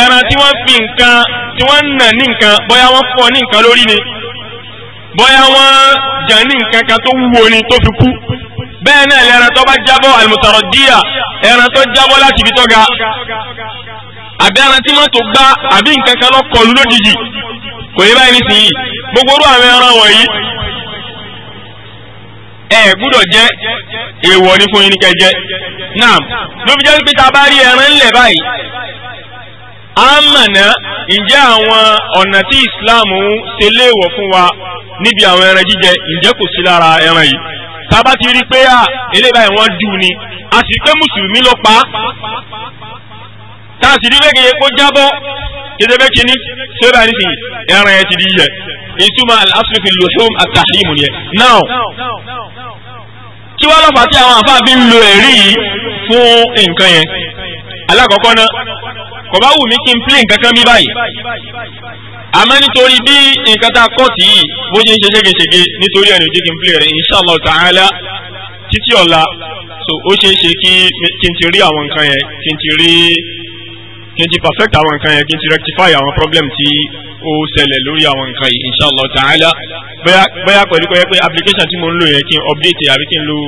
ẹran tí wọ́n fi nǹkan tí wọ́n nà ní nǹkan bóyá wọ́n fọ ní nǹkan lórí ni bóyá wọ́n jà ní nǹkan kan tó wúwo ni tó fi kú bẹ́ẹ̀ náà lẹ́ran tó bá jábọ́ alimusarodíà ẹran tó jábọ́ láti ibi tó ga àbí ẹran tí mọ́tò gbá àbí nǹkan kan lọ́kọlù lójijì kò yẹ báyìí nísìnyí gbogbo orú àwọn ẹran wọ̀nyí ẹ gbúdọ̀ jẹ́ èèwọ̀ ní fún yín ní kẹjẹ náà ló fi jẹ́ pé tá a bá rí ẹran ńlẹ̀ báyìí a mọ̀ ná ǹjẹ́ àwọn ọ̀nà tí Islam ń ṣe léèwọ̀ fún wa níbi àwọn ẹran jíjẹ ǹjẹ́ kò sí lára ẹran yìí tá a bá ti rí pé à eléyìí báyìí wọ́n dùn ni a sì pé mùsùlùmí ló pa tá a sì rí pé kìí kó jábọ́ kedebe kini seba ni sigi ẹran yẹn ti di yẹ ìtumọ̀ al-aslu fi al-luhum now kí wá lọ́fà tí àwọn àfáà fi ń lo ẹ̀rí yìí fún nǹkan yẹn alákọ̀ọ́kọ́ náà kò bá wù mí kí n plé nǹkan kan bí báyìí àmọ́ nítorí bí nǹkan tá a kọ́ sí yìí bó ṣe ń ṣe ṣégeṣége nítorí ẹ̀rọ jẹ́ kí n plé rẹ̀ inshallah ta'ala títí ọ̀la so ó ṣeé ṣe kí n ti rí àwọn nǹkan yẹn kí n ti rí kí n ti perfect àwọn nǹkan yẹn kí n ti rectify àwọn problem tí ó ṣẹlẹ̀ lórí àwọn nǹkan yìí inshallah ta'ala bóyá bóyá pẹ̀lú pé pé application tí mo ń lò yẹn kí n update àbí kí n lo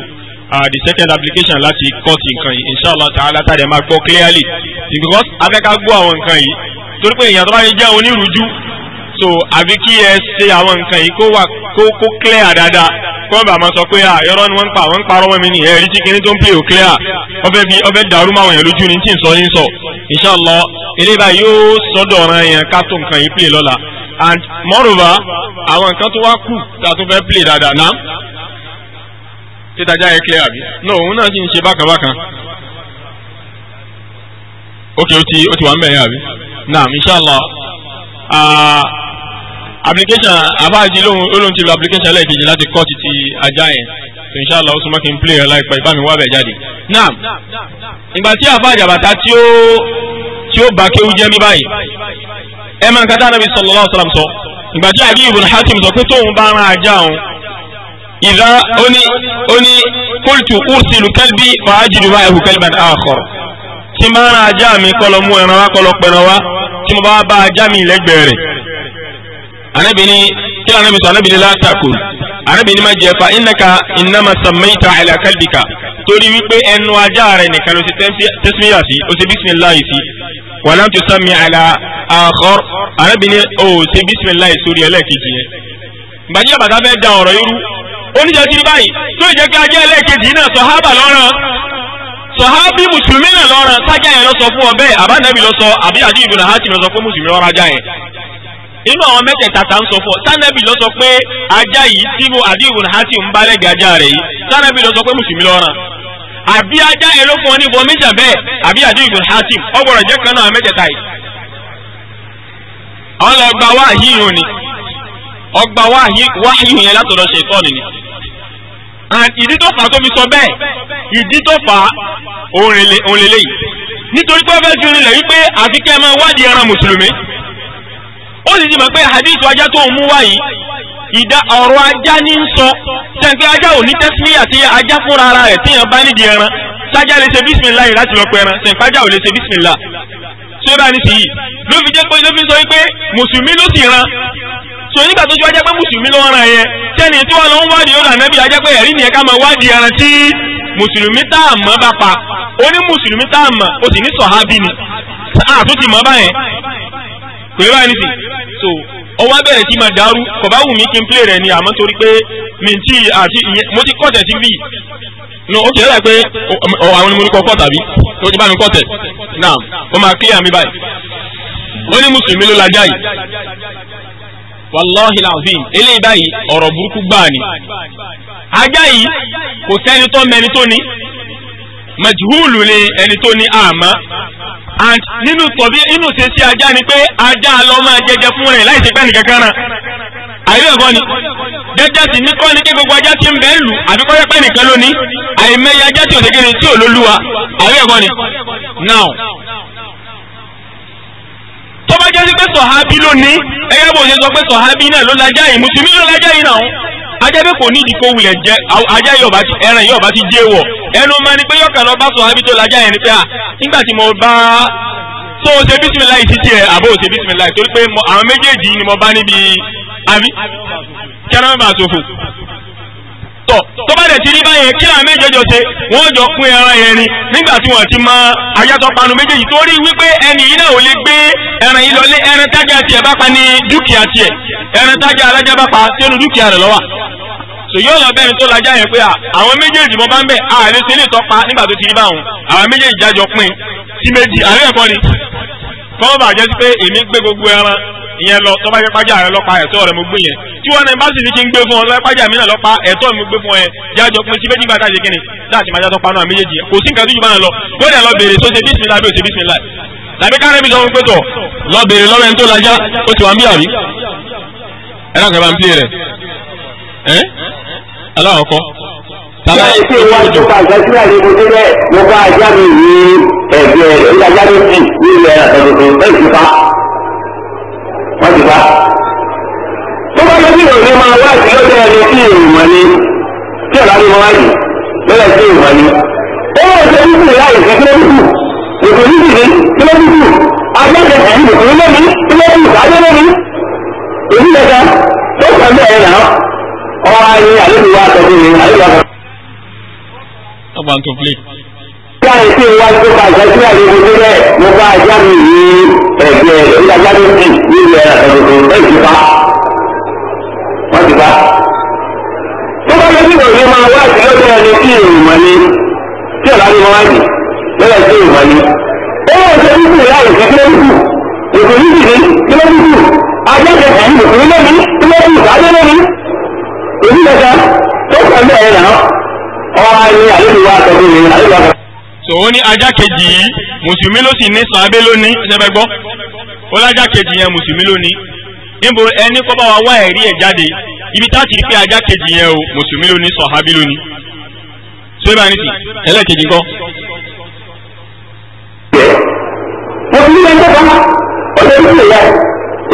the second application láti cut nǹkan yìí inshallah ta'ala tàdé máa gbọ́ clearly because afẹ́ká gbọ́ àwọn nǹkan yìí torí pé èèyàn tó bá yẹ jẹ́ onírúurú so àbí kí ẹ ṣe àwọn nǹkan yìí kó wà kó kó clear dáadáa kó wọn sọ pé à ah, irọ́ ni wọ́n ń pa àwọn ń parọ́ wọn mi ni ẹ̀rí tí kinní tó ń play ò clear ọbẹ̀ dàrú ni tí nsọ sọ ní sọ inshallah eléyìí báyìí yóò sọ́dọ̀ ọ̀ràn yẹn ká tó nǹkan yìí play and moreover àwọn nǹkan tó wá kù tá a tó fẹ́ play dáadáa clear bi òun náà sì ń ṣe bákan bákan ok ti ti wà ń àbí application àbáàjì lóhun olóhun ti lo application lẹ́ẹ̀kejì láti kọ́ ti ti ajá yẹn so inshallah osùnmọ́ kí n play ẹ̀ láìpẹ́ ìbá mi wá bẹ̀ jáde. náà ìgbà tí àbáàjì àbàtà tí ó tí ó bá kéwú jẹ́ mi báyìí ẹ máa ń kátà nàbí sallallahu alaihi wasallam sọ ìgbà tí àbí ibn Hatim sọ pé tóun bá ran ajá òun ìdá oní oní qultu ursilu kalbi fa ajidu ma'ahu kalban akhar tí máa ran ajá mi kọlọ mú ẹran wá kọlọ pẹran wá tí mo bá bá ajá mi lẹ́gbẹ̀ẹ́ rẹ̀ anabi ni kí anabi sọ anabi ni látàkù anabi ni má jẹ fa innaka innama samaita ala kalbika torí wípé ẹnu ajá rẹ nìkan ló ti tẹ́símíyà sí ó ti bisimilayi sí wàlá tó sami ala akhar anabi ni ó ti bisimilayi sórí ẹlẹ́ẹ̀kejì yẹn gbajúmọ̀ bàtà fẹ́ da ọ̀rọ̀ irú oníjẹ́ ti báyìí tó ìjẹ́ pé ajá ẹlẹ́ẹ̀kejì náà sọ̀hábà lọ́ràn sọ̀hábí mùsùlùmí náà lọ́ràn sájà yẹn lọ sọ fún ọ bẹ́ẹ̀ àbá lọ sọ àbí àdìyí ibùdó inú àwọn mẹ́tẹ̀ẹ̀ta tá ń sọ fún ọ sanabi ló sọ pé ajá yìí tí mo àdìgún hati ń balẹ̀gẹ̀ ajá rẹ̀ yìí sanabi ló sọ pé mùsùlùmí lọ́ràn àbí ajá yẹn ló fún ọ ní ìbọn méjà bẹ́ẹ̀ àbí àdìgún hati ọgbọ̀rọ̀ jẹ́ kan náà mẹ́tẹ̀ẹ̀ta yìí. àwọn yìí ni ọgbà wáàhí yẹn ni ìdí tó fà tó fi sọ bẹ́ẹ̀ ìdí tó fà nítorí pé fẹ́ wípé àfikẹ́ máa ó sì ti mọ̀ pé hadith ajá tó ń mú wá yìí ìdá ọ̀rọ̀ ajá ní ń sọ sẹ́ńpẹ́ ajá ò ní tẹ́sílíyà tí ajá fúnra ara rẹ̀ tíyan bá nídìí ẹran sájá lè ṣe bísímìlá yìí láti lọ pẹ ẹran sẹ́ńpẹ́ ajá ò lè ṣe bísímìlá tí ó bá ní sí yìí ló fi jẹ́ pé ló fi sọ pé mùsùlùmí ló sì ran so nígbà tó ṣe wájá pé mùsùlùmí ló ran yẹn sẹ́ni tí wọ́n lọ ń wádìí ó lànà bí ajá pé ẹ̀rí nìyẹn ká máa wádìí ẹran tí mùsùlùmí tá a mọ̀ bá pa ó ní mùsùlùmí tá a mọ̀ ó sì ní sọ̀hábì ni àtúntì mọ̀ báyẹn kò yẹ báyìí nísìn so ọwọ́ abẹ́rẹ́ tí ma dàrú kò bá wù mí kí n play rẹ̀ ni àmọ́ torí pé mi ti àti ìyẹn mo ti kọ́tẹ̀ sí bíi no ó kìí rẹ̀ pé àwọn ni mo ní kọ́ kọ́ tàbí tó ti bá mi kọ́tẹ̀ náà ó máa clear mi báyìí ó ní mùsùlùmí ló lajá yìí wàláhi làzim eléyìí báyìí ọ̀rọ̀ burúkú gbáà ni ajá yìí kò sẹ́ni tó mẹni tó ní majhulu ni ẹni tó ní àmọ́ and nínú tọ̀bí inú ṣe sí ajá ni pé ajá lọ máa jẹjẹ fún rẹ̀ láì ṣe pẹ́ nìkan kan náà àìrí ẹ̀kọ́ ni jẹ́jẹ́ sì ní kọ́ ni kí gbogbo ajá ti ń bẹ́ẹ̀ lù àfi kọ́ pẹ́ nìkan lónìí àìmẹ́yẹ ajá tí ò ṣègèrè tí ò lólúwa àìrí ẹ̀kọ́ ni now tó bá jẹ́ sí pé sọ̀hábí lónìí ẹgẹ́ bó ṣe sọ pé sọ̀hábí náà ló lajá yìí mùsùlùmí ló lajá yìí náà ajẹ́ pé kò nídìí kó wulẹ̀ jẹ ajá yóò bá ti ẹran yóò bá ti jẹ́ wọ̀ ẹnu máa ni pé yọ̀ọ̀kà lọ bá sọ̀rọ̀ àbí tó lajá yẹn ni pé à nígbà tí mo bá tó o ṣe bísímìláì títí ẹ àbó o ṣe bísímìláì torí pé àwọn méjèèjì ni mo bá níbi àbí kẹrẹ́mẹ́bà àtòfò tọ̀ tó bá dẹ̀ ti rí báyẹn kí méjèèjọ ṣe wọ́n jọ pín ẹran yẹn nígbà tí wọ́n ti mọ àyàtọ̀ méjèèjì tó rí wípé ẹni yìí náà ò lè gbé ẹran yìí lọlé ẹran tájà tiẹ̀ bá pa ní dúkìá tiẹ̀ ẹran tájà alájà bá pa sínú dúkìá rẹ̀ lọ́wà so yóò lọ bẹ́ẹ̀ ni tó lajá yẹn pé àwọn méjèèjì mo bá ń bẹ̀ àlẹ́ sílé ìtọ́pa nígbà tó ti rí báwọn àwọn méjèèjì jájọ pín sí méjì àlẹ́ ẹ̀kọ́ ni kọ́ bàjẹ́ sí pé èmi gbé gbogbo ẹran ìyẹn lọ tọ́ bá yẹ pàjá rẹ lọ́pa ẹ̀tọ́ rẹ mo gbé yẹn tí wọ́n ní bá sì ní kí n gbé fún ọ lọ́pàá pàjá mi náà lọ́pa ẹ̀tọ́ mi gbé fún ẹ jájọ pé sí méjì gbàdájẹ kí ni láti máa jájọ panu àmì méjèèjì kò sí nǹkan tó jù bá ń lọ ó dẹ̀ lọ bèrè tó ṣe bísímìlá bí ó ṣe bísímìlá tàbí kárẹ́ mi sọ fún pétọ̀ lọ bèrè lọ́rẹ́ ń tó lajá ó ti wà ń bí àrí ẹ bàbá yìí kí wọ́n tún ka ìgbésí àyè bẹ́ẹ̀ mo bá ajá mi ní ẹ̀gbẹ́ ìlú ajá mi tì ní ilẹ̀ ẹ̀dọ̀dọ̀ bẹ́ẹ̀ ti fa wọ́n ti fa. tó bá yẹ kí ìròyìn máa wá sí lọ́dọ̀ ẹni tí ìròyìn mọ̀ ni tí ọ̀la ni mo wá yìí lọ́dọ̀ tí mọ̀ ni. ó wọ́n ṣe ní ìlà ìfẹ́ kílódùkù ètò yìí dìde kílódùkù kílódùkù adé lónìí èyí ọgbà tó play. bí a lè ṣe ìwádìí tó bá ìjọ sílẹ̀ gbogbo rẹ̀ mo bá ajá ní ẹ̀gbẹ́ ìdájá tó dì nílùú ẹ̀rọ ẹ̀dùnkùn ẹ̀ bá wọ́n ti bá. tó bá yẹ kí òní máa wá ìdílọ́dọ̀ ẹni tí èrò mọ̀ ni tí ọ̀la ni wọ́n wá jù lọ́dọ̀ tí èrò mọ̀ ni. ó wọ́n ṣe kúkú láì fi kílódùkù èkó yìí ti ní kílódùkù ajá kẹfì yìí lòkùnrin lónìí kílódùkù ọ̀rọ̀ ni so ó ní ajá kejì yìí mùsùlùmí ló sì ní sàábé lónìí ṣẹfẹ gbọ́ ó lájá kejì yẹn mùsùlùmí lónìí níbo ẹni kọ́ bá wa wá ẹ̀rí ẹ̀ jáde ibi tá a ti rí pé ajá kejì yẹn o mùsùlùmí lónìí sàhábí lónìí ṣé bá ní sí ẹlẹ́kejì kọ́. mùsùlùmí ló ń bọ̀ wá ó lè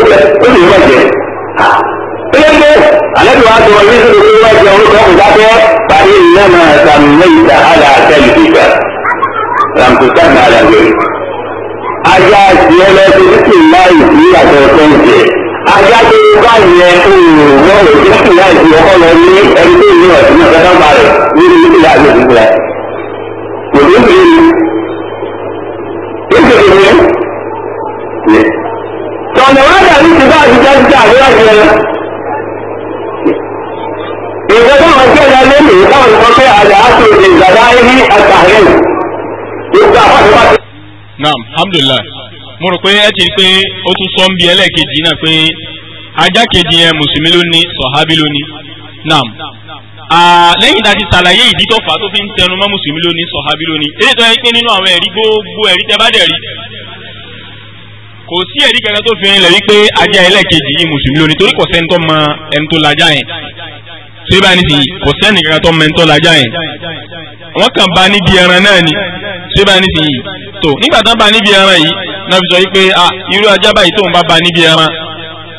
ó lè ń jẹ́ ilé alẹ́bí wa sọ̀rọ̀ yìí sọ̀rọ̀ pé wọ́n jẹ orúkọ kò dákẹ́ parí ìnáná sàmúlẹ́yìntà àlà àtẹ̀lẹ́dìgbà ràǹkùtà nàlà lórí. ajá tiẹ̀ lọ sí títì láì sí àtọ̀tọ̀ ìjẹ́ ajá tó bá yẹ wọ́n lè títì láì sí ọkọ lọ ní ẹni tó ní ọ̀sìn náà kẹta bá rẹ̀ nínú títì láì sí ìdílé. kò ní bí ìdílé mi. tọ̀nà wá dàbí ti bá àtijọ́ ti dà ìgbẹ́ tó máa gbé ya lórí táwọn nǹkan pé àjà á tó lè gbàdá rí àtàrí ìgbà àpapọ̀ bá ti. naam alhamdulilayi mo rò pé ẹ ti pé ó tún sọ ń bi ẹlẹ́ẹ̀kejì náà pé ajá kejì yẹn mùsùlùmí ló ní sọ̀hábí ló ní naam lẹ́yìn tá a ti ṣàlàyé ìdí tó fà á tó fi ń tẹnu mọ́ mùsùlùmí ló sọ̀hábí ló eré tó yẹ pé nínú àwọn ẹ̀rí gbogbo ẹ̀rí tẹ bá dẹ̀ rí kò sí ẹ̀rí kankan tó fi rinlẹ̀ wípé ajá ẹlẹ́ẹ̀kejì yìí mùsùlùmí ló torí kò sẹ́ni tó mọ ẹni tó lajá yẹn ṣé báyìí nìyí kò sẹ́ni kankan tó mẹ́ńtọ́ lajá yẹn wọ́n kàn bá níbi ẹran náà ni ṣé báyìí nìyí tó nígbà tán bá níbi ẹran yìí náà fi sọ wípé a irú ajá báyìí tóun bá ba níbi ẹran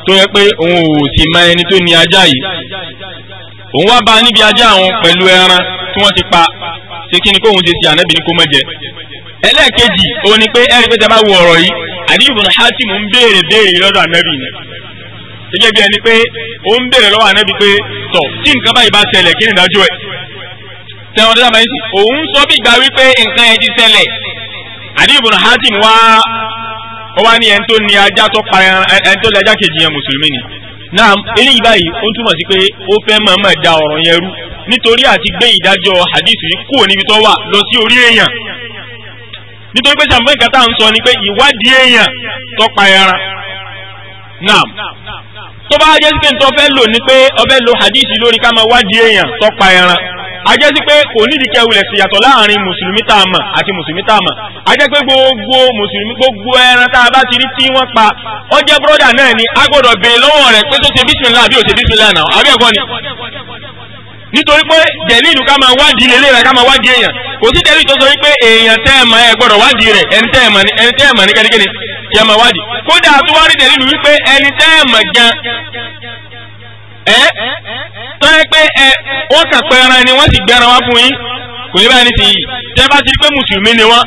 tó yẹ pé òun ò sì mọ ẹni tó ní ajá yìí òun wá bá níbi ajá àwọn pẹ̀lú ẹran tí wọ́n ti pa ṣé kí ni kóun ṣe ṣe ànábì ní kó mọ̀ jẹ ẹlẹ́ẹ̀kejì òun ni pé ẹ̀rí pé tẹ bá wo ọ̀rọ̀ yìí àdìyí ibùdó hátìmù ń béèrè béèrè lọ́dọ̀ gẹ́gẹ́ bí ẹni pé ó ń bèrè lọ́wọ́ ànábi pé tọ̀ tí nǹkan báyìí bá ṣẹlẹ̀ ìdájọ́ ẹ̀ tẹ̀wọ́n òun sọ bí gba wípé nǹkan ẹ̀ ti ṣẹlẹ̀ àdìbò hatim wá ó wá ní ẹni tó ní ajá tó pa ẹni tó ajá kejì yẹn mùsùlùmí ni náà eléyìí báyìí ó túmọ̀ sí pé ó fẹ́ da ọ̀rọ̀ yẹn rú nítorí àti gbé ìdájọ́ tó bá jẹ́ sí pé nítorí ọfẹ́ lò ní pé lo hadith lórí ká máa wádìí èèyàn tó ẹran ajẹ́ sí pé kò nídìí kẹwulẹ̀ sí yàtọ̀ láàrin mùsùlùmí tá a mọ̀ gbogbo mùsùlùmí gbogbo ẹran tá a bá ti rí tí wọ́n pa ó jẹ́ bọ́dà náà ni a gbọ́dọ̀ lọ́wọ́ ni nítorí pé wádìí lélẹ̀ rẹ̀ ká wádìí èèyàn kò sí tó sọ kí ẹ máa wádìí kódà tó wá rí dẹ̀lílù wípé ẹni tẹ́ ẹ̀ mọ̀ gan ẹ́ tọ́ pé ẹ wọ́n kà pé ẹran ni wọ́n sì gbé ẹran wá fún yín kò ní báyìí ní ti yìí tẹ́ bá ti rí pé mùsùlùmí ni wọ́n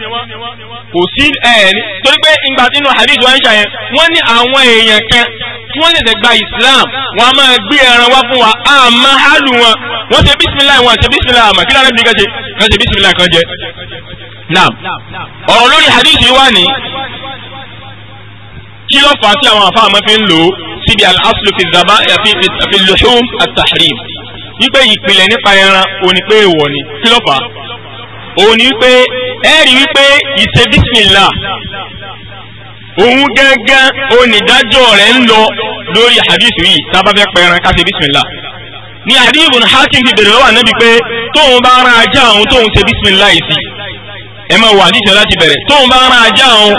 kò sí ẹ̀ẹ́ni torí pé ìgbà tí inú hadith wa ń ṣàyẹn wọ́n ní àwọn èèyàn kan tí wọ́n ṣẹ̀ṣẹ̀ gba Islam wọn a máa gbé ẹran wá fún wa a máa hálù wọn wọ́n ṣe bísímìlá wọn ṣe bísímìlá àmọ́ kí lára bí kan ṣe kan ṣe bísímìlá kan jẹ. ọ̀rọ̀ lórí hadith yìí wà kí ló fà á sí àwọn àfáà máa fi ń lò ó síbi al-aslu fi zaba eh, fi luhum at-tahrim wípé ìpìlẹ̀ nípa ẹran òní pé èèwọ̀ ni kí ló fà á òun ni wípé ẹ̀rí wípé ìṣe bísímìlà òun gángan onídàájọ́ rẹ̀ ń lọ lórí àdìsù yìí tá a bá fẹ́ pẹran ká ṣe bísímìlà ní àdìsù ibn Hakim ti bèrè lọ́wọ́ ànábi pé tóun bá rán ajá òun tóun ṣe bísímìlà yìí sí ẹ máa wọ àdìsù láti bẹ̀rẹ̀ tóun bá rán ajá òun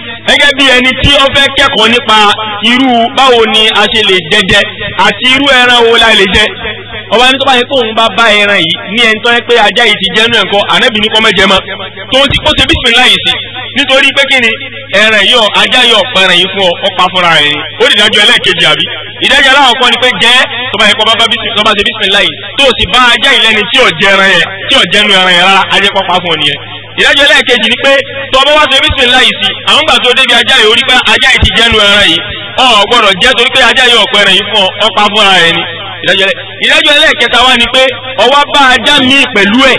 gẹ́gẹ́ bí ẹni tí ó fẹ́ kẹ́kọ̀ọ́ nípa irú báwo ni a ṣe lè jẹjẹ àti irú ẹran wo la lè jẹ ọba ní tó bá yẹ pé òun bá bá ẹran yìí ní ẹni tó yẹ pé ajá yìí ti jẹnu ẹ̀kọ́ ànábì ní kọ́ mẹ́jẹ mọ́ tóun ti kó ṣe bísímìlá yìí sí nítorí pé kí ni ẹran yìí ajá yìí ọ̀pẹ̀rẹ̀ yìí fún ọ ọ̀pá fúnra rẹ̀ ni ó dìdájọ́ ẹlẹ́ẹ̀kejì àbí ìdájọ́ aláwọ̀ kan ni pé jẹ́ tó bá yẹ kó bá bá ṣe bísímìlá yìí tó sì bá ajá yìí lẹ́ni tí ò jẹnu ẹran yẹn rárá ajẹ́ pọ́pá fún ọ nìyẹn ìdájọ́ ẹlẹ́ẹ̀kejì ni pé tó ọmọ wá sọ bísímìlá yìí sí àwọn gbà tó débi ajá yìí orí pé ajá yìí ti jẹ́nu ẹran yìí ọ gbọ́dọ̀ jẹ́ torí pé ajá yìí ọ̀pẹ ẹran yìí fún ọ pa fúnra rẹ ni ìdájọ́ ẹlẹ́ẹ̀kẹta wá ni pé ọwọ́ bá ajá mi pẹ̀lú ẹ̀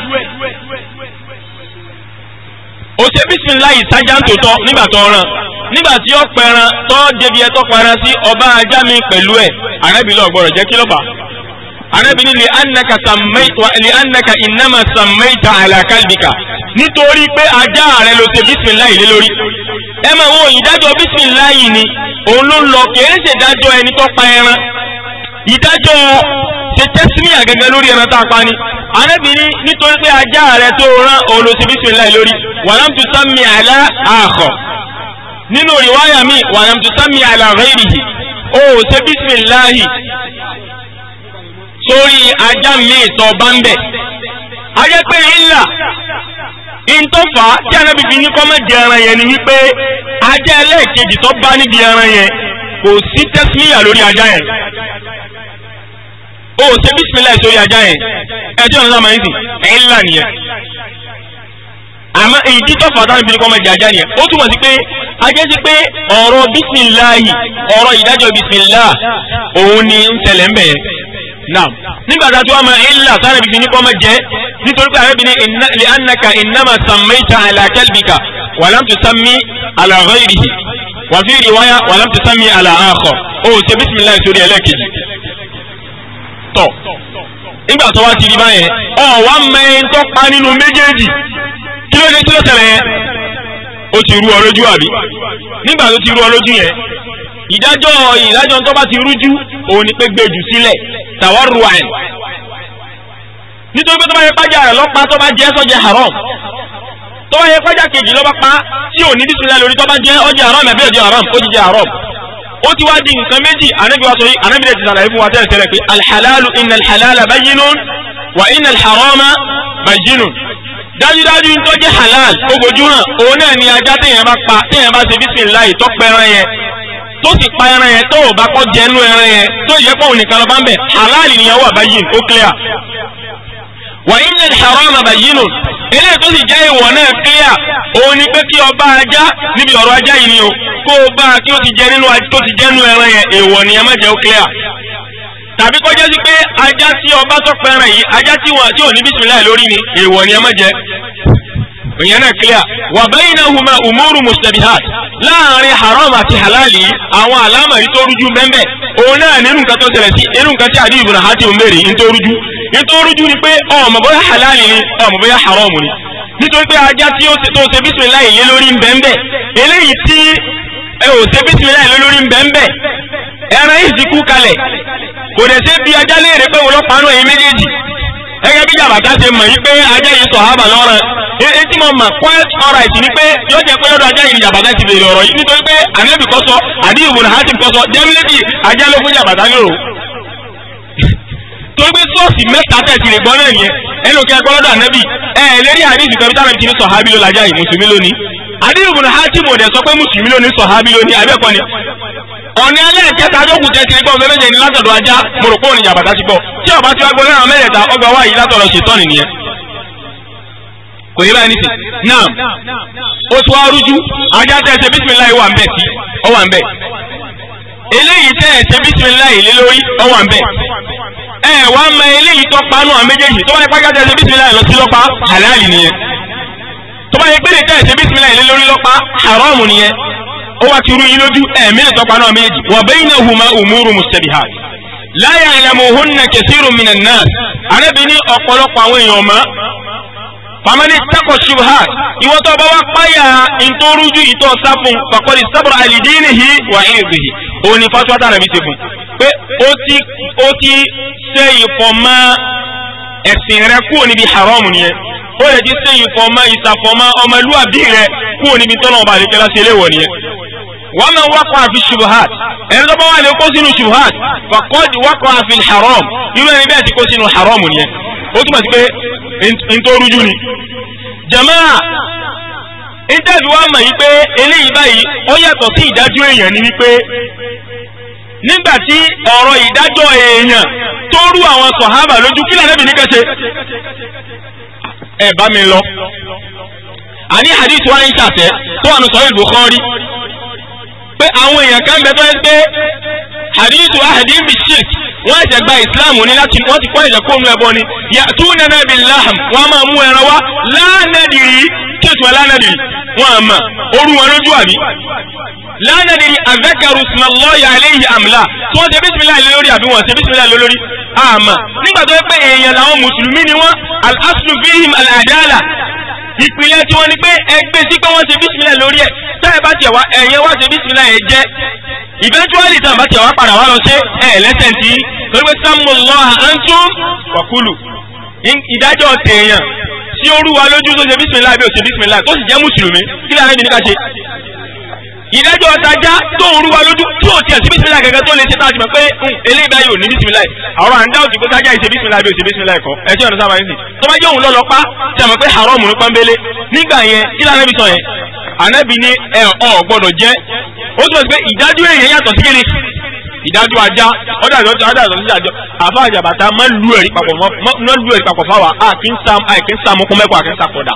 ó ṣe bísímìlá yìí sájà ń tòótọ́ nígbà tó ràn nígbà tí ọ̀pẹ̀ran tó débi ẹ̀ tó pẹran sí ọba ajá mi pẹ̀lú ẹ̀ àrẹ́bí lọ́gbọ̀rọ̀ jẹ́ kí lọ́ba anábì ní li'annaka sammayta li'annaka innama sammayta ala kalbika nítorí pé ajá rẹ ló ṣe bísíláì lé lórí ẹ máa wo ìdájọ́ bísíláì ni òun ló ń lọ kìí ṣe ìdájọ́ ẹni tó pa ẹran ìdájọ́ ṣe tẹ́símìyà gẹ́gẹ́ lórí ẹran tá a pa ni anábì ní nítorí pé ajá rẹ tó rán òun ló ṣe bísíláì lórí walam tusammi ala akhar nínú riwaya mi walam tusammi ala ghairihi ó ṣe sórí ajá mi ìtọ̀ bá ń bẹ̀. a jẹ́ pé ńlá ìtọ́fà tí anábì fi ní kọ́mẹ́jẹ ẹran yẹn ni wípé ajá ẹlẹ́ẹ̀kejì tó bá níbi ẹran yẹn kò sí tẹ́símíyà lórí ajá yẹn o ṣe bísímílà sórí ajá yẹn ẹjọ́ ọ̀nà náà máa ń sìn ńlá nìyẹn àmọ́ ìdí tó fàtà níbi kọ́ mẹ́jẹ ajá nìyẹn ó túmọ̀ sí pé ajẹ́ sí pé ọ̀rọ̀ bísímílà yìí ọ̀rọ̀ ìdájọ́ bísímílà òun ni ń naam nígbà tá a tó ọmọ ilà sáré bìbí ní kọ́mọ jẹ́ nítorí pé àrẹ́bí ni lè anaka ìnáma sàmẹ́ta àlàkẹ́lbìkà wàlám tó sàmì àlàrọ̀ ìrìhì wàfí ìrìwáyà wàlám tó sàmì àlàáhọ̀ ó ṣe bísímìláì sórí ẹlẹ́ẹ̀kejì tọ̀ nígbà tó wá ti rí báyẹn ọ̀ wá mẹ́rin tó pa nínú méjèèjì kí ló dé tó tẹ̀lé yẹn ó ti rú ọ lójú àbí nígbà tó ti rú ọ lójú yẹn ìdájọ́ ìdájọ́ tó bá ti rújú òun ni pé gbèjù sílẹ̀ tàwárù àìn nítorí pé tó bá yẹ pàjá rẹ̀ lọ́pàá tó bá jẹ́ sọ́jà haram tó bá yẹ pàjá kejì lọ́pàá pa tí ò ní bísí lórí tó bá jẹ́ ọjà haram ẹ̀fẹ́ ọjà haram ó ti jẹ́ haram ó ti wá di nǹkan méjì anábì wa sọ yìí anábì rẹ̀ ti sàlàyé fún wa tẹ́lẹ̀ tẹ́lẹ̀ pé alhalalu inna alhalala bayyinun wa inna alharama bayyinun dájúdájú tó jẹ́ halal ó gojú hàn òun náà ni ajá téèyàn bá pa téèyàn bá ṣe bísí láì tọ́pẹ́ràn yẹn tó sì pa ẹran yẹn tó ò bá kọ́ jẹnu ẹran yẹn tó yẹ pọ̀ nìkan lọ bá ń bẹ̀ halali nìyẹn wà báyìí ó clear. wà inna al-harama bayyinun eléyìí tó sì jẹ́ ìwọ̀ náà clear òun ni pé kí o bá ajá níbi ọ̀rọ̀ ajá yìí ni o kó o bá kí o ti jẹ nínú tó ti jẹnu ẹran yẹn èèwọ̀ nìyẹn má ó clear. tàbí kó sí pé ajá tí o bá tó pẹran yìí ajá tí òní bísímilláhì ìyẹn náà clear wà baynahuma umuru mustabihat láàrin haram àti halali àwọn àlámọ̀rí tó rújú bẹ́ẹ̀ òun náà nínú nǹkan tó ṣẹlẹ̀ sí nínú nǹkan tí àdí ìbùnà àti òmèrè ń tó ni pé ọmọ bóyá halali ni ọmọ bóyá haram ni nítorí pé ajá tí ó tó ṣe bísímiláì lé lórí bẹ́ẹ̀ eléyìí tí ẹ ò ṣe bísímiláì lé lórí bẹ́ẹ̀ ẹran yìí ti kú kalẹ̀ kò dẹ̀ ṣe bí ajá léèrè pé wọ́n lọ́pàá náà gẹ́gẹ́ bí jàbàtà ṣe mọ̀ yí pé ajá yìí sọ ààbà lọ́rọ̀ èyí tí mo mọ̀ quiet alright ni pé yóò jẹ́ pé lọ́dọ̀ ajá yìí ni jàbàtà ti bèrè ọ̀rọ̀ yìí nítorí pé ànábì kọ́ sọ àdí ìwòrán hátìm kọ́ sọ jẹ́mílẹ́bì ajá ló fún jàbàtà lérò torí pé sọ́ọ̀sì mẹ́ta tẹ̀ lè gbọ́ náà yẹn ẹnu kẹ́ lọ́dọ̀ ànábì ẹ lérí àdìsí kan táwọn ti ní sọ̀hábí ló lajá yìí mùsùlùmí lónìí àdìsí ìwòrán hátìm ò ọ̀ní ẹlẹ́ẹ̀kẹta lókùn jẹ́ ti gbọ́ ọ̀sẹ̀lẹ́jẹ̀ ní látọ̀dọ̀ ajá mo rò pé òní jàbàtà ti gbọ́ tí ọba ti wá gbọ́ lẹ́ràn mẹ́rẹ̀ta ọgbà wá yìí látọ̀dọ̀ ṣètọ́ nìyẹn kò yẹ báyìí nìsín náà o tún wá rújú ajá tẹ̀ ṣe bísímìláì wà ń bẹ̀ sí ọ wà ń bẹ̀ eléyìí tẹ̀ ṣe bísímìláì lé lórí ọ wà ń bẹ̀ ẹ wàá mọ eléyìí tó pa nù ó wá ti rú yín lójú ẹ̀mí lè tọ́pa náà méjì wa baynahuma umuru mustabihat la ya'lamuhunna kathirun minan nas arábìnrin ọ̀pọ̀lọpọ̀ àwọn èèyàn mọ́ famani tako shubhat ìwọ tó bá wá páyà ìtòrújú ìtò sáfún pàkọ́lì sábà àlìdínihi wà ìrìbìhì òun ni fatuwa tààrà bí ti fún pé ó ti ṣe ìfọ̀mọ́ ẹ̀sìn rẹ kúrò níbi haram nìyẹn ó lè jí sẹ́yìn fọmọ ìsàfọmọ ọmọlúwàbí rẹ kúrò níbi tọ́lọ̀ ọba àlejò láti eléwọ̀ nìyẹn. wọ́n máa wákọ̀ àfi ṣubuhat ẹni tó bá wà lè kó sínú ṣubuhat fàkọ́ọ̀dì wákọ̀ àfi haram irú ẹni bẹ́ẹ̀ ti kó sínú haram nìyẹn ó túmọ̀ sí pé ntòrújú ni. jamaa wa mọ̀ yí pé nígbà tí ọ̀rọ̀ ìdájọ́ èèyàn tó rú àwọn sọ̀hábà lójú kí lànà ìbìnú kẹsẹ̀ ẹ bá mi lọ. àní hadith wa ń ṣàtẹ tó wà ní sọ̀rọ̀ Bukhari pé àwọn èèyàn kan bẹ tó ń pé hadith wa hadith bi shirk wọ́n ẹ̀jẹ̀ gba islam ní láti wọ́n ti kọ́ ẹ̀jẹ̀ kó nu ẹbọ ni yàtú nana bi laham wọ́n máa mú ẹran wá lánàdìrí kí ètò ẹ̀ lánàdìrí wọ́n àmà orú wọn lójú àbí lánàdìrí àzẹ́kẹ̀rù sinallahi alayhi amla tí wọ́n ṣe bísímìlá ilé lórí àbí wọ́n ṣe bísímìlá ilé lórí àmà nígbà tó pé èèyàn làwọn mùsùlùmí ni wọ́n al-aslu fihim al-adala ìpìlẹ̀ tí wọ́n ní pé ẹgbẹ́ sí pé wọ́n ṣe bísímìlá lórí ẹ̀ tẹ́ ẹ bá tiẹ̀ wá ẹ̀yẹ wá ṣe bísímìlá ẹ̀ jẹ́ eventually tí wọ́n bá tiẹ̀ wá padà wá lọ ṣe ẹ̀ lẹ́sẹ̀ tí torí pé sammullaha antum wa kulu ìdájọ́ tèèyàn tí ó rú wa lójú tó ṣe bísímìlá àbí ò ṣe bísímìlá tó sì jẹ́ mùsùlùmí kí láàrin mi ní ká ṣe ìdájọ́ ọ̀tajà tó ń rúwa lójú tí ò tiẹ̀ sí bísímìlá gẹ́gẹ́ tó lè ṣe tá a ti mọ̀ pé eléyìí báyìí ò ní bísímìlá yìí àwọn àǹdá òdì pé tájà ìṣe bísímìlá bí òṣè bísímìlá ẹ̀kọ́ ẹ̀jẹ̀ ọ̀nà sábà nìyí tó bá jẹ́ òun lọ́lọ́ pa tí a mọ̀ pé haram ní pọ́nbélé nígbà yẹn kí lànà ibi sọ yẹn ànábì ni ẹ ò gbọ́dọ̀ jẹ ó túmọ̀ sí pé ìdájọ́ èèyàn yàtọ̀ sí kíni ìdájọ́ ajá ọ̀dàjọ́ ọ̀dàjọ́ ọ̀dàjọ́ àfáàjà bàtà má lu ẹ̀rí papọ̀ fáwa àkínsàmọ́kùnmẹ́kọ̀ àkínsàkọ̀dà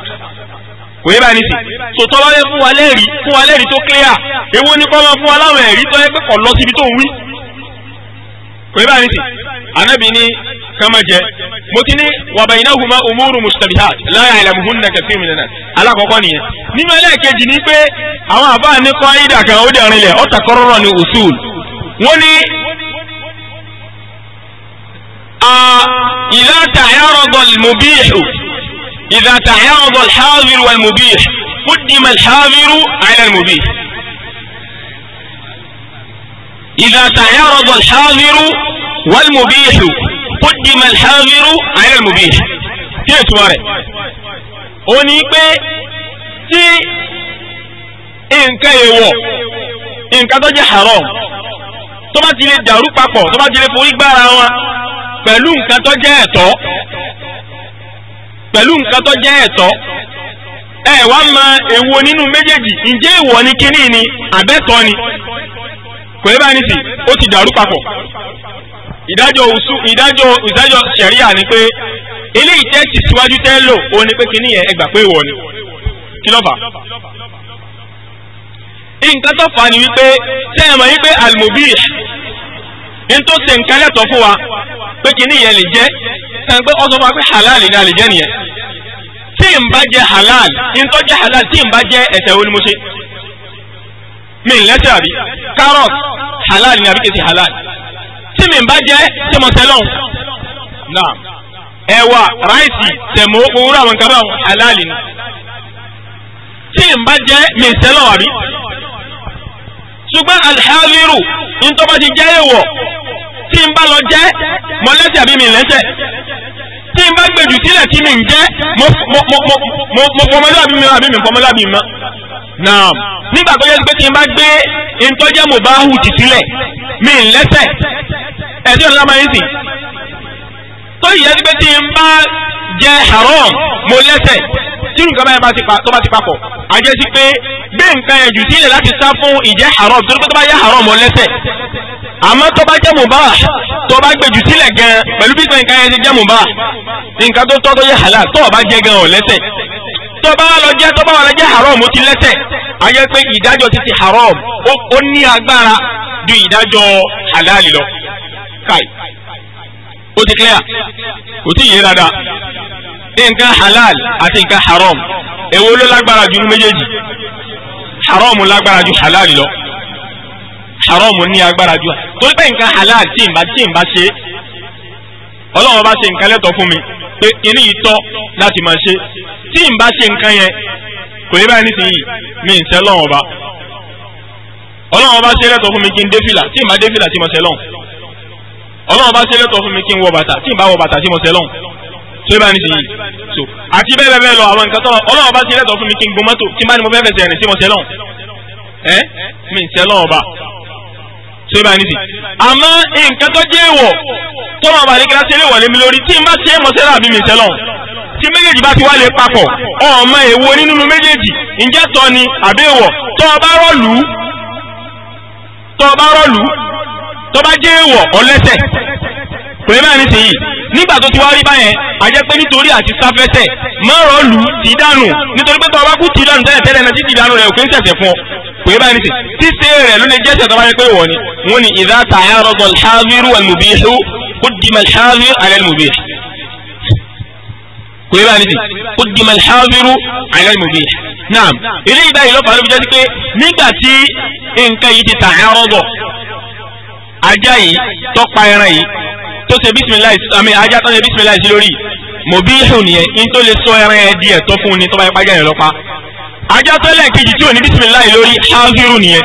kò yé báyìí nísìn so tọ́lá yẹ fún wa lẹ́rìí fún wa lẹ́rìí tó clear èwo ni kọ́ máa fún wa láwọn ẹ̀rí tó yẹ pé kọ̀ lọ síbi tó ń wí kò yé báyìí nísìn anabi ni kama jẹ mo ti ní wa bainahuma umuru mustabihat la ya'lamuhunna kathirun minan nas alákọ̀ọ́kọ́ nìyẹn nínú ẹlẹ́ẹ̀kejì ni pé àwọn àbá ní kọ́ ayídà kan ó dẹ̀rin lẹ̀ ọ̀tà kọ́rọ́rọ́ ni usul wọ́n ní ìlà tàyà rọgọl mubihu إذا تعارض الحاضر والمبيح قدم الحاضر على المبيح إذا تعارض الحاضر والمبيح قدم الحاضر على المبيح كيف تواري oni pe ti nkan ewo nkan to je haram to ba ti le daru papo to ba ti le pẹ̀lú nǹkan tó jẹ́ ẹ̀tọ́ ẹ wá ma èwo nínú méjèèjì ǹjẹ́ èwo ni kíní ni àbẹ́tọ́ ni kò yẹ báyìí sì ó ti dàrú papọ̀ ìdájọ́ òsù ìdájọ́ ìdájọ́ sẹ̀ríà ni pé eléyìí tẹ́sì síwájú tẹ́ lò ó ní pé kíní yẹn ẹ gbà pé ìwọ ni kí ló nǹkan tó fà ni wípé tẹ́ ẹ mọ̀ wípé almobi ní tó ṣe nǹkan lẹ́tọ̀ọ́ fún wa pé kíní yẹn lè jẹ́ ẹgbẹ́ ọ̀sán máa pé halal ní àlìjẹ́ nìyẹn tí n bá jẹ halal ntọ́ jẹ halal tí n bá jẹ ẹ̀ṣẹ̀ wo ni mo ṣe mi n lẹ́sẹ̀ àbí carrot halal ní àbí kìí ṣe halal tí mi n bá jẹ tẹmọtẹlọ́n náà ẹ̀wà ráìsì tẹ̀mọ́ òwúrọ̀ àwọn nǹkan báwọn halal ní tí n bá jẹ mi àbí ṣùgbọ́n alhàlírù ntọ́ bá ti jẹ́ èèwọ̀ tí n bá lọ jẹ́ mọ lẹ́sẹ̀ àbí mi lẹ́sẹ̀ tí n bá gbèjù sílẹ̀ tí mi ń jẹ́ mo fọmọlá àbí mi àbí mi fọmọlá àbí mi mọ́. naam nígbà tó yẹ pé tí n bá gbé ntọ́jẹ́ mo bá hù tì sílẹ̀ mi ń lẹ́sẹ̀ ẹ̀sìn ọ̀nà máa ń sìn tó yẹ pé tí n bá jẹ haram mo lẹ́sẹ̀ tí nǹkan báyìí bá ti pa tó bá ti papọ̀ àjẹsí pé gbé nǹkan ẹ̀jù sílẹ̀ láti sá fún ìjẹ́ haram torí pé tó bá yẹ haram mo lẹ́sẹ̀ àmọ́ tó bá jẹ́ mùbá tó bá gbèjù sílẹ̀ gan pẹ̀lú bí sàn nǹkan yẹn ti jẹ́ mùbá nǹkan tó tọ́ tó yẹ hàlà tó o bá jẹ́ gan ọ̀ lẹ́sẹ̀ tó bá lọ jẹ́ tó bá wà lọ jẹ́ haram ó ti lẹ́sẹ̀ ayé pé ìdájọ́ ti ti haram ó ní agbára ju ìdájọ́ halali lọ káì ó ti clear kò tí ì yé dáadáa nǹkan halal àti nǹkan haram èwo ló lágbára ju méjèèjì haram lágbára ju halali lọ haram ní agbára jù torí pé nǹkan halal tí ìbá tí ìbá ṣe ọlọ́run bá ṣe nǹkan lẹ́tọ̀ fún mi pé inú yìí tọ́ láti máa ṣe tí ìbá ṣe nǹkan yẹn kò ní báyìí nísìnyí mi ń sẹ́ lọ́wọ́n ọba ọlọ́run bá ṣe lẹ́tọ̀ fún mi kí n dé fìlà tí ìbá dé fìlà tí mo sẹ́ lọ́wọ́n ọlọ́run bá ṣe lẹ́tọ̀ fún mi kí n wọ bàtà tí ìbá wọ bàtà tí mo sẹ́ lọ́wọ́n tó bá ní sèyí so àti bẹ́ẹ̀ bẹ́ẹ̀ lọ àwọn nǹkan tọ́lọ ọlọ́run bá ṣe lẹ́tọ̀ fún mi kí n gbọ́ mọ́tò tí n bá ní mo fẹ́ fẹsẹ̀ rìn sí mo sẹ́ ẹ́ mi ń sẹ́ ọba tó bá nísì àmọ́ nǹkan tó jẹ́ èèwọ̀ tó máa bàlẹ́ kíláṣí eléwọ̀ lémi lórí tí n bá tiẹ̀ mọ̀ sẹ́lá àbí mi sẹ́lọ̀ tí méjèèjì bá ti wá lè papọ̀ ọmọ èwo nínú méjèèjì ǹjẹ́ tọ́ ni àbí èèwọ̀ tó o bá rọ̀lú tó o bá rọ̀lú tó bá jẹ́ èèwọ̀ ọlẹ́sẹ̀ kò lè báyìí nísìnyí nígbà tó ti wá rí báyẹn a jẹ́ pé nítorí àti sáfẹ́sẹ̀ mọ́rọ̀ lù tì í dànù nítorí pé tó o bá kú tì í dànù tẹ́lẹ̀ tẹ́lẹ̀ náà títì dànù rẹ̀ òkè ń tẹ̀sẹ̀ fún ọ kò yẹ báyìí nísìn ṣíṣe rẹ̀ ló lè jẹ́ ṣẹ̀tọ́ báyìí pé wọ́n ni wọ́n ni idha ta'arada al-hadiru wal-mubihu quddima al-hadiru ala al-mubih kò yẹ báyìí nísìn quddima al-hadiru ala al-mubih naam ilé ìbáyìí lọ́pàá ló fi jẹ́ sí pé nígbà tí nǹkan yìí ti ta'arada ajá yìí tó ẹran yìí tó ṣe bisimilayi àmì ajá sí lórí mubihun ajá tó lẹ́ẹ̀kejì tí ò ní bísímìláì lórí áńgírù nìyẹn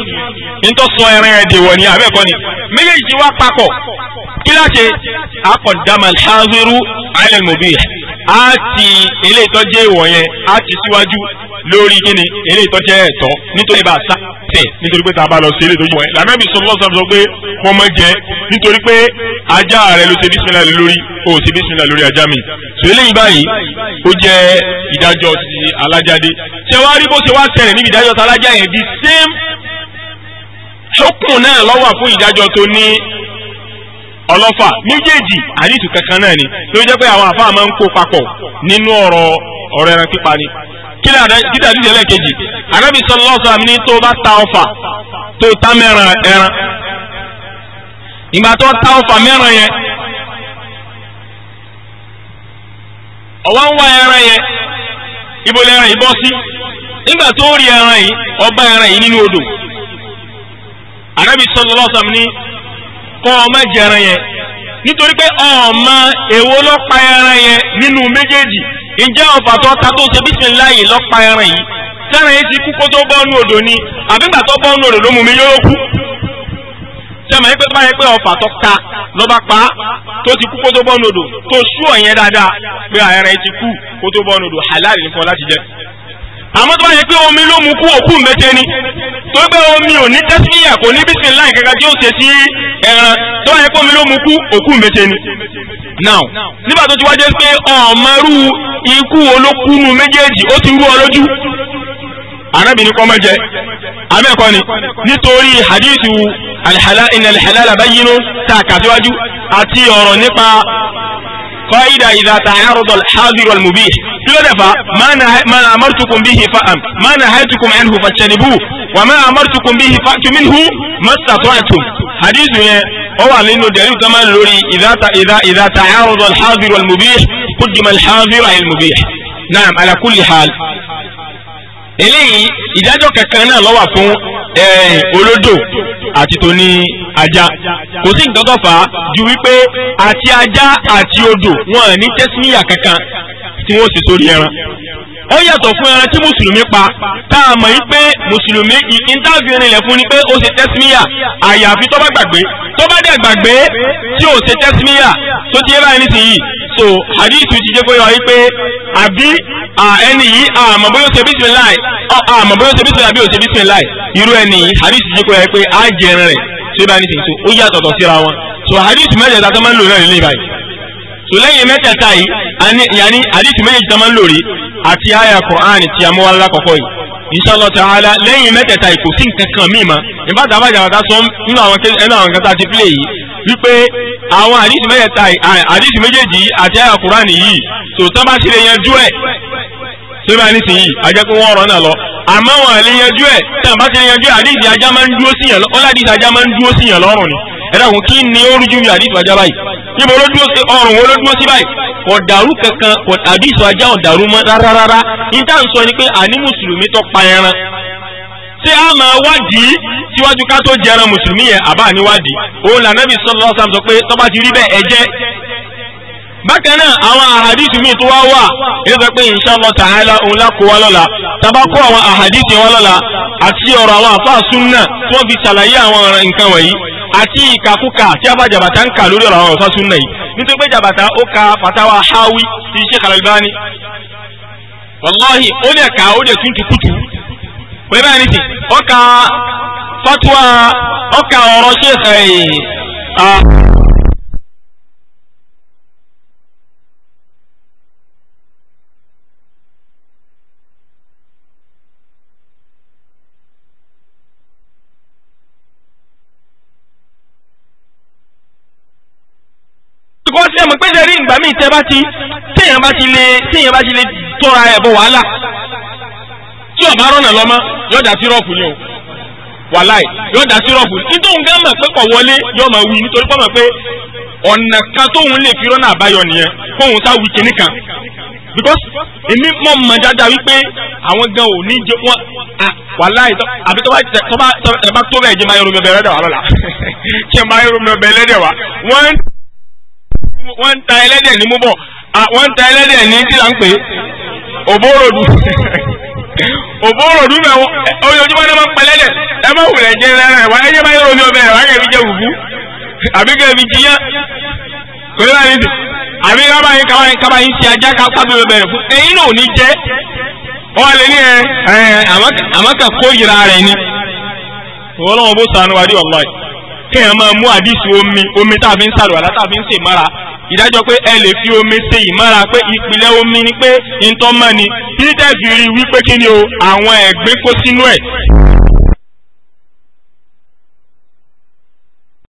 nítọ́ sọ ẹran ẹ̀ dèwọ̀ ni àbẹ́ẹ̀kọ́ ni méjèèjì ti wá papọ̀ kí láti akọ̀dàmà áńgírù àìlẹ̀mọ̀bí àti ilé ìtọ́jú ìwọ̀ àti síwájú lórí kíni eré ìtọ́ jẹ́ ẹ̀tọ́ nítorí bá a sá tẹ̀ nítorí pé tá a bá lọ sí eré ìtọ́jú wọn ẹ̀ lànàbì sọlọ́ sọ sọ pé wọ́n mọ jẹ́ nítorí pé ajá rẹ̀ ló ṣe bísímìlà lórí o ṣe bísímìlà lórí ajá mi sọ eléyìí báyìí ó jẹ́ ìdájọ́ ti alájáde ṣé wàá rí bó ṣe wá ṣẹlẹ̀ níbi ìdájọ́ ti alájá yẹn the same ṣókùn náà lọ́wọ́ fún ìdájọ́ tó ní ọlọ́fà méjèèjì àdìsù kankan náà ni ló jẹ́ pé àwọn àfáà máa ń kó papọ̀ nínú ọ̀rọ̀ ọ̀rọ̀ ẹran pípa ni kílẹ̀ àdìsù ẹlẹ́ẹ̀kejì anábì ní tó bá ta ọfà tó ta mẹ́ran ẹran ìgbà tó ta ọfà mẹ́ran yẹn ọwọ́ ń wá ẹran yẹn yìí bọ́ sí nígbà tó rí ẹran yìí ẹran yìí nínú odò ní kọ́ ọmọ jẹran yẹn nítorí pé ọmọ èwo ló pa ẹran yẹn nínú méjèèjì ìjẹ́ ọ̀fà tó ta tó ṣe bísíláyì ló pa ẹran yìí sẹ́ran yìí ti kú kó tó bọ́ọ̀nù odò ni àbígbà tó bọ́ọ̀nù odò ló mú mi yóò kú sẹ́mi yìí pé báyìí pé ọ̀fà tó ta ló bá pa tó ti kú kó tó bọ́ọ̀nù odò tó sú ọ̀yẹn dáadáa pé ẹran yìí ti kú kó tó bọ́ọ̀nù odò halal ni fún láti jẹ àmọ́ tó bá yẹ pé omi ló mú kú òkú mẹ́tẹ́ ni tó gbé omi ò ní tẹ́síyà kò ní bísí láì kankan tí ó ṣe sí ẹran tó bá yẹ pé omi ló mú kú òkú mẹ́tẹ́ ni. now nígbà tó ti wá jẹ́ pé ọ̀ọ́mọ́rú ikú olókùnú méjèèjì ó ti rú ọ lójú arábìnrin kọ́ mọ́jẹ abẹ́ẹ̀kọ́ ni nítorí hadithu alhala inna alhalala bayyinu tá a kà síwájú àti ọ̀rọ̀ nípa قائدة إذا تعرض الحاضر والمبيح كل دفع ما, نه... ما أمرتكم به فأم ما نهيتكم عنه فاجتنبوه وما أمرتكم به فأتوا منه ما استطعتم حديث هو لأنه دليل كمان لوري إذا إذا إذا تعرض الحاضر والمبيح قدم الحاضر على المبيح نعم على كل حال eléyìí إذا kankan كان ló wà fún olódò ajá kò sí nǹkan tó fà á ju wípé àti ajá àti odò wọn ní tẹ́síníyà kankan tí wọ́n sì sórí ẹran ó yàtọ̀ fún ẹran tí mùsùlùmí pa tá a mọ̀ yín pé mùsùlùmí ìntàfíì rìnlẹ̀ fún ni pé ó ṣe tẹ́símíyà àyàfi tó bá gbàgbé tó bá dẹ̀ gbàgbé tí ò ṣe tẹ́símíyà tó ti yé báyìí nísìnyí so hadith ti jẹ́ kó yọ wí pé àbí ẹni yìí àmọ́ bóyá ó ṣe bísímíláì àmọ́ bóyá ó ṣe bísímíláì àbí ó ṣe bísímíláì irú ẹni yìí hadith ti jẹ́ kó yọ wí rẹ̀ ṣé báyìí nìyí so ó yàtọ̀tọ̀ síra wọn so hadith mẹ́tẹ̀ẹ̀ta tó máa ń lò náà nílé báyìí so lẹ́yìn mẹ́tẹ̀ẹ̀ta yìí yanni hadith méjèèjì tó máa ń lò rí àti àyà Qur'an ti amúwálá kọ̀kọ́ yìí inshallah ta'ala lẹ́yìn mẹ́tẹ̀ẹ̀ta yìí kò sí nǹkan kan míì mọ́ ìbáta bá jàmbá sọ nínú àwọn nǹkan tá a ti pílẹ̀ yìí wípé àwọn hadith mẹ́tẹ̀ẹ̀ta hadith méjèèjì àti àyà Qur'an yìí so tó bá ti lè yanjú ẹ̀ tó bá nísìnyí ajá pé wọ́n rán náà lọ àmọ́ wọn àlè yanjú ẹ̀ tàn bá ti lè yanjú ẹ̀ àdìsí ajá máa ń dúró síyàn lọ́rùn ọ̀làdìsí ajá máa ń dúró síyàn lọ́rùn ni ẹ̀rọ àwọn kí ni ó rújú bí àdìsí ajá báyìí níbo ló dúró sí ọrùn wo ló dúró sí báyìí kò dàrú kankan kò àdìsí ajá ò dàrú mọ́ rárárá níta ń sọ ni pé àní mùsùlùmí tó pa ẹran ṣé a máa wádìí síwájú ká tó jẹran mùsùlùmí yẹn àbá àníwádìí òun lànà bí sọlọ́ọ̀sán sọ bákan náà àwọn àhàdìsì míì tó wá wà yóò sọ pé insha Allah ta'ala òun lákò wá lọ́la tàbá kó àwọn àhàdìsì wá lọ́la àti ọ̀rọ̀ àwọn àfa súnà tí wọ́n fi ṣàlàyé àwọn nǹkan wọ̀nyí àti ìkàkúkà tí a bá jàbàtà ń kà lórí ọ̀rọ̀ àwọn àfa súnà yìí nítorí pé jàbàtà ó ka fatawa hawi ti Sheikh Al-Albani ó lè kà ó lè tún tukutu pẹ̀lú àyè because ẹ mọ̀ pé ṣe rí ìgbà míì tẹ́ bá ti téèyàn bá ti lè téèyàn bá ti lè tọ́ra ẹ̀ bọ̀ wàhálà tí ọ̀bá rọ̀nà lọ́mọ yọ̀dà sírọ̀pù ni o wàláì yọ̀dà sírọ̀pù nítorí òun gán mọ̀ pé kọ̀ wọlé yọ̀ mọ̀ wí nítorí pọ̀ mọ̀ pé ọ̀nà kan tóun lè fi rọ́nà àbáyọ nìyẹn kóun sá wí kinní kan because èmi mọ̀ mọ̀ dáadáa wípé àwọn gan ò ní jẹ wọn wàláì àbí tọ́ba tọ́ba tọ́ba tó bẹ̀ jẹ́ máa yọrù mi ọbẹ̀ rẹ̀ dẹ̀ wá lọ́la jẹ́ máa yọrù mi ọbẹ̀ rẹ̀ dẹ̀ wá wọ́n. wọ́n ń ta ẹlẹ́dẹ̀ ní múbọ̀ wọ́n ń ta ẹlẹ́dẹ̀ ní sílá ń pè é òbórodù bẹ̀ ojoojúmọ́ ní wọ́n ń pẹlẹ́dẹ̀ ẹ má wùlẹ̀ jẹ́ rárá ẹ̀ wá ẹ jẹ́ bá yẹ omi ọbẹ̀ rẹ̀ wá jẹ́ àbí kò ní àbí kábà yín kábà yín kábà yín ti ajá fún náà ò ní jẹ́ lè ní ẹ kó wọ́n kéèyàn máa mú àdìsí omi omi tá a fi ń sàrò àlá tá a fi ń ṣèmára ìdájọ́ pé ẹ lè fi omi ṣe ìmára pé ìpìlẹ̀ omi ni pé ntọ́ títẹ̀ fi rí wípé kí ni o àwọn ẹ̀gbin kó sínú ẹ̀.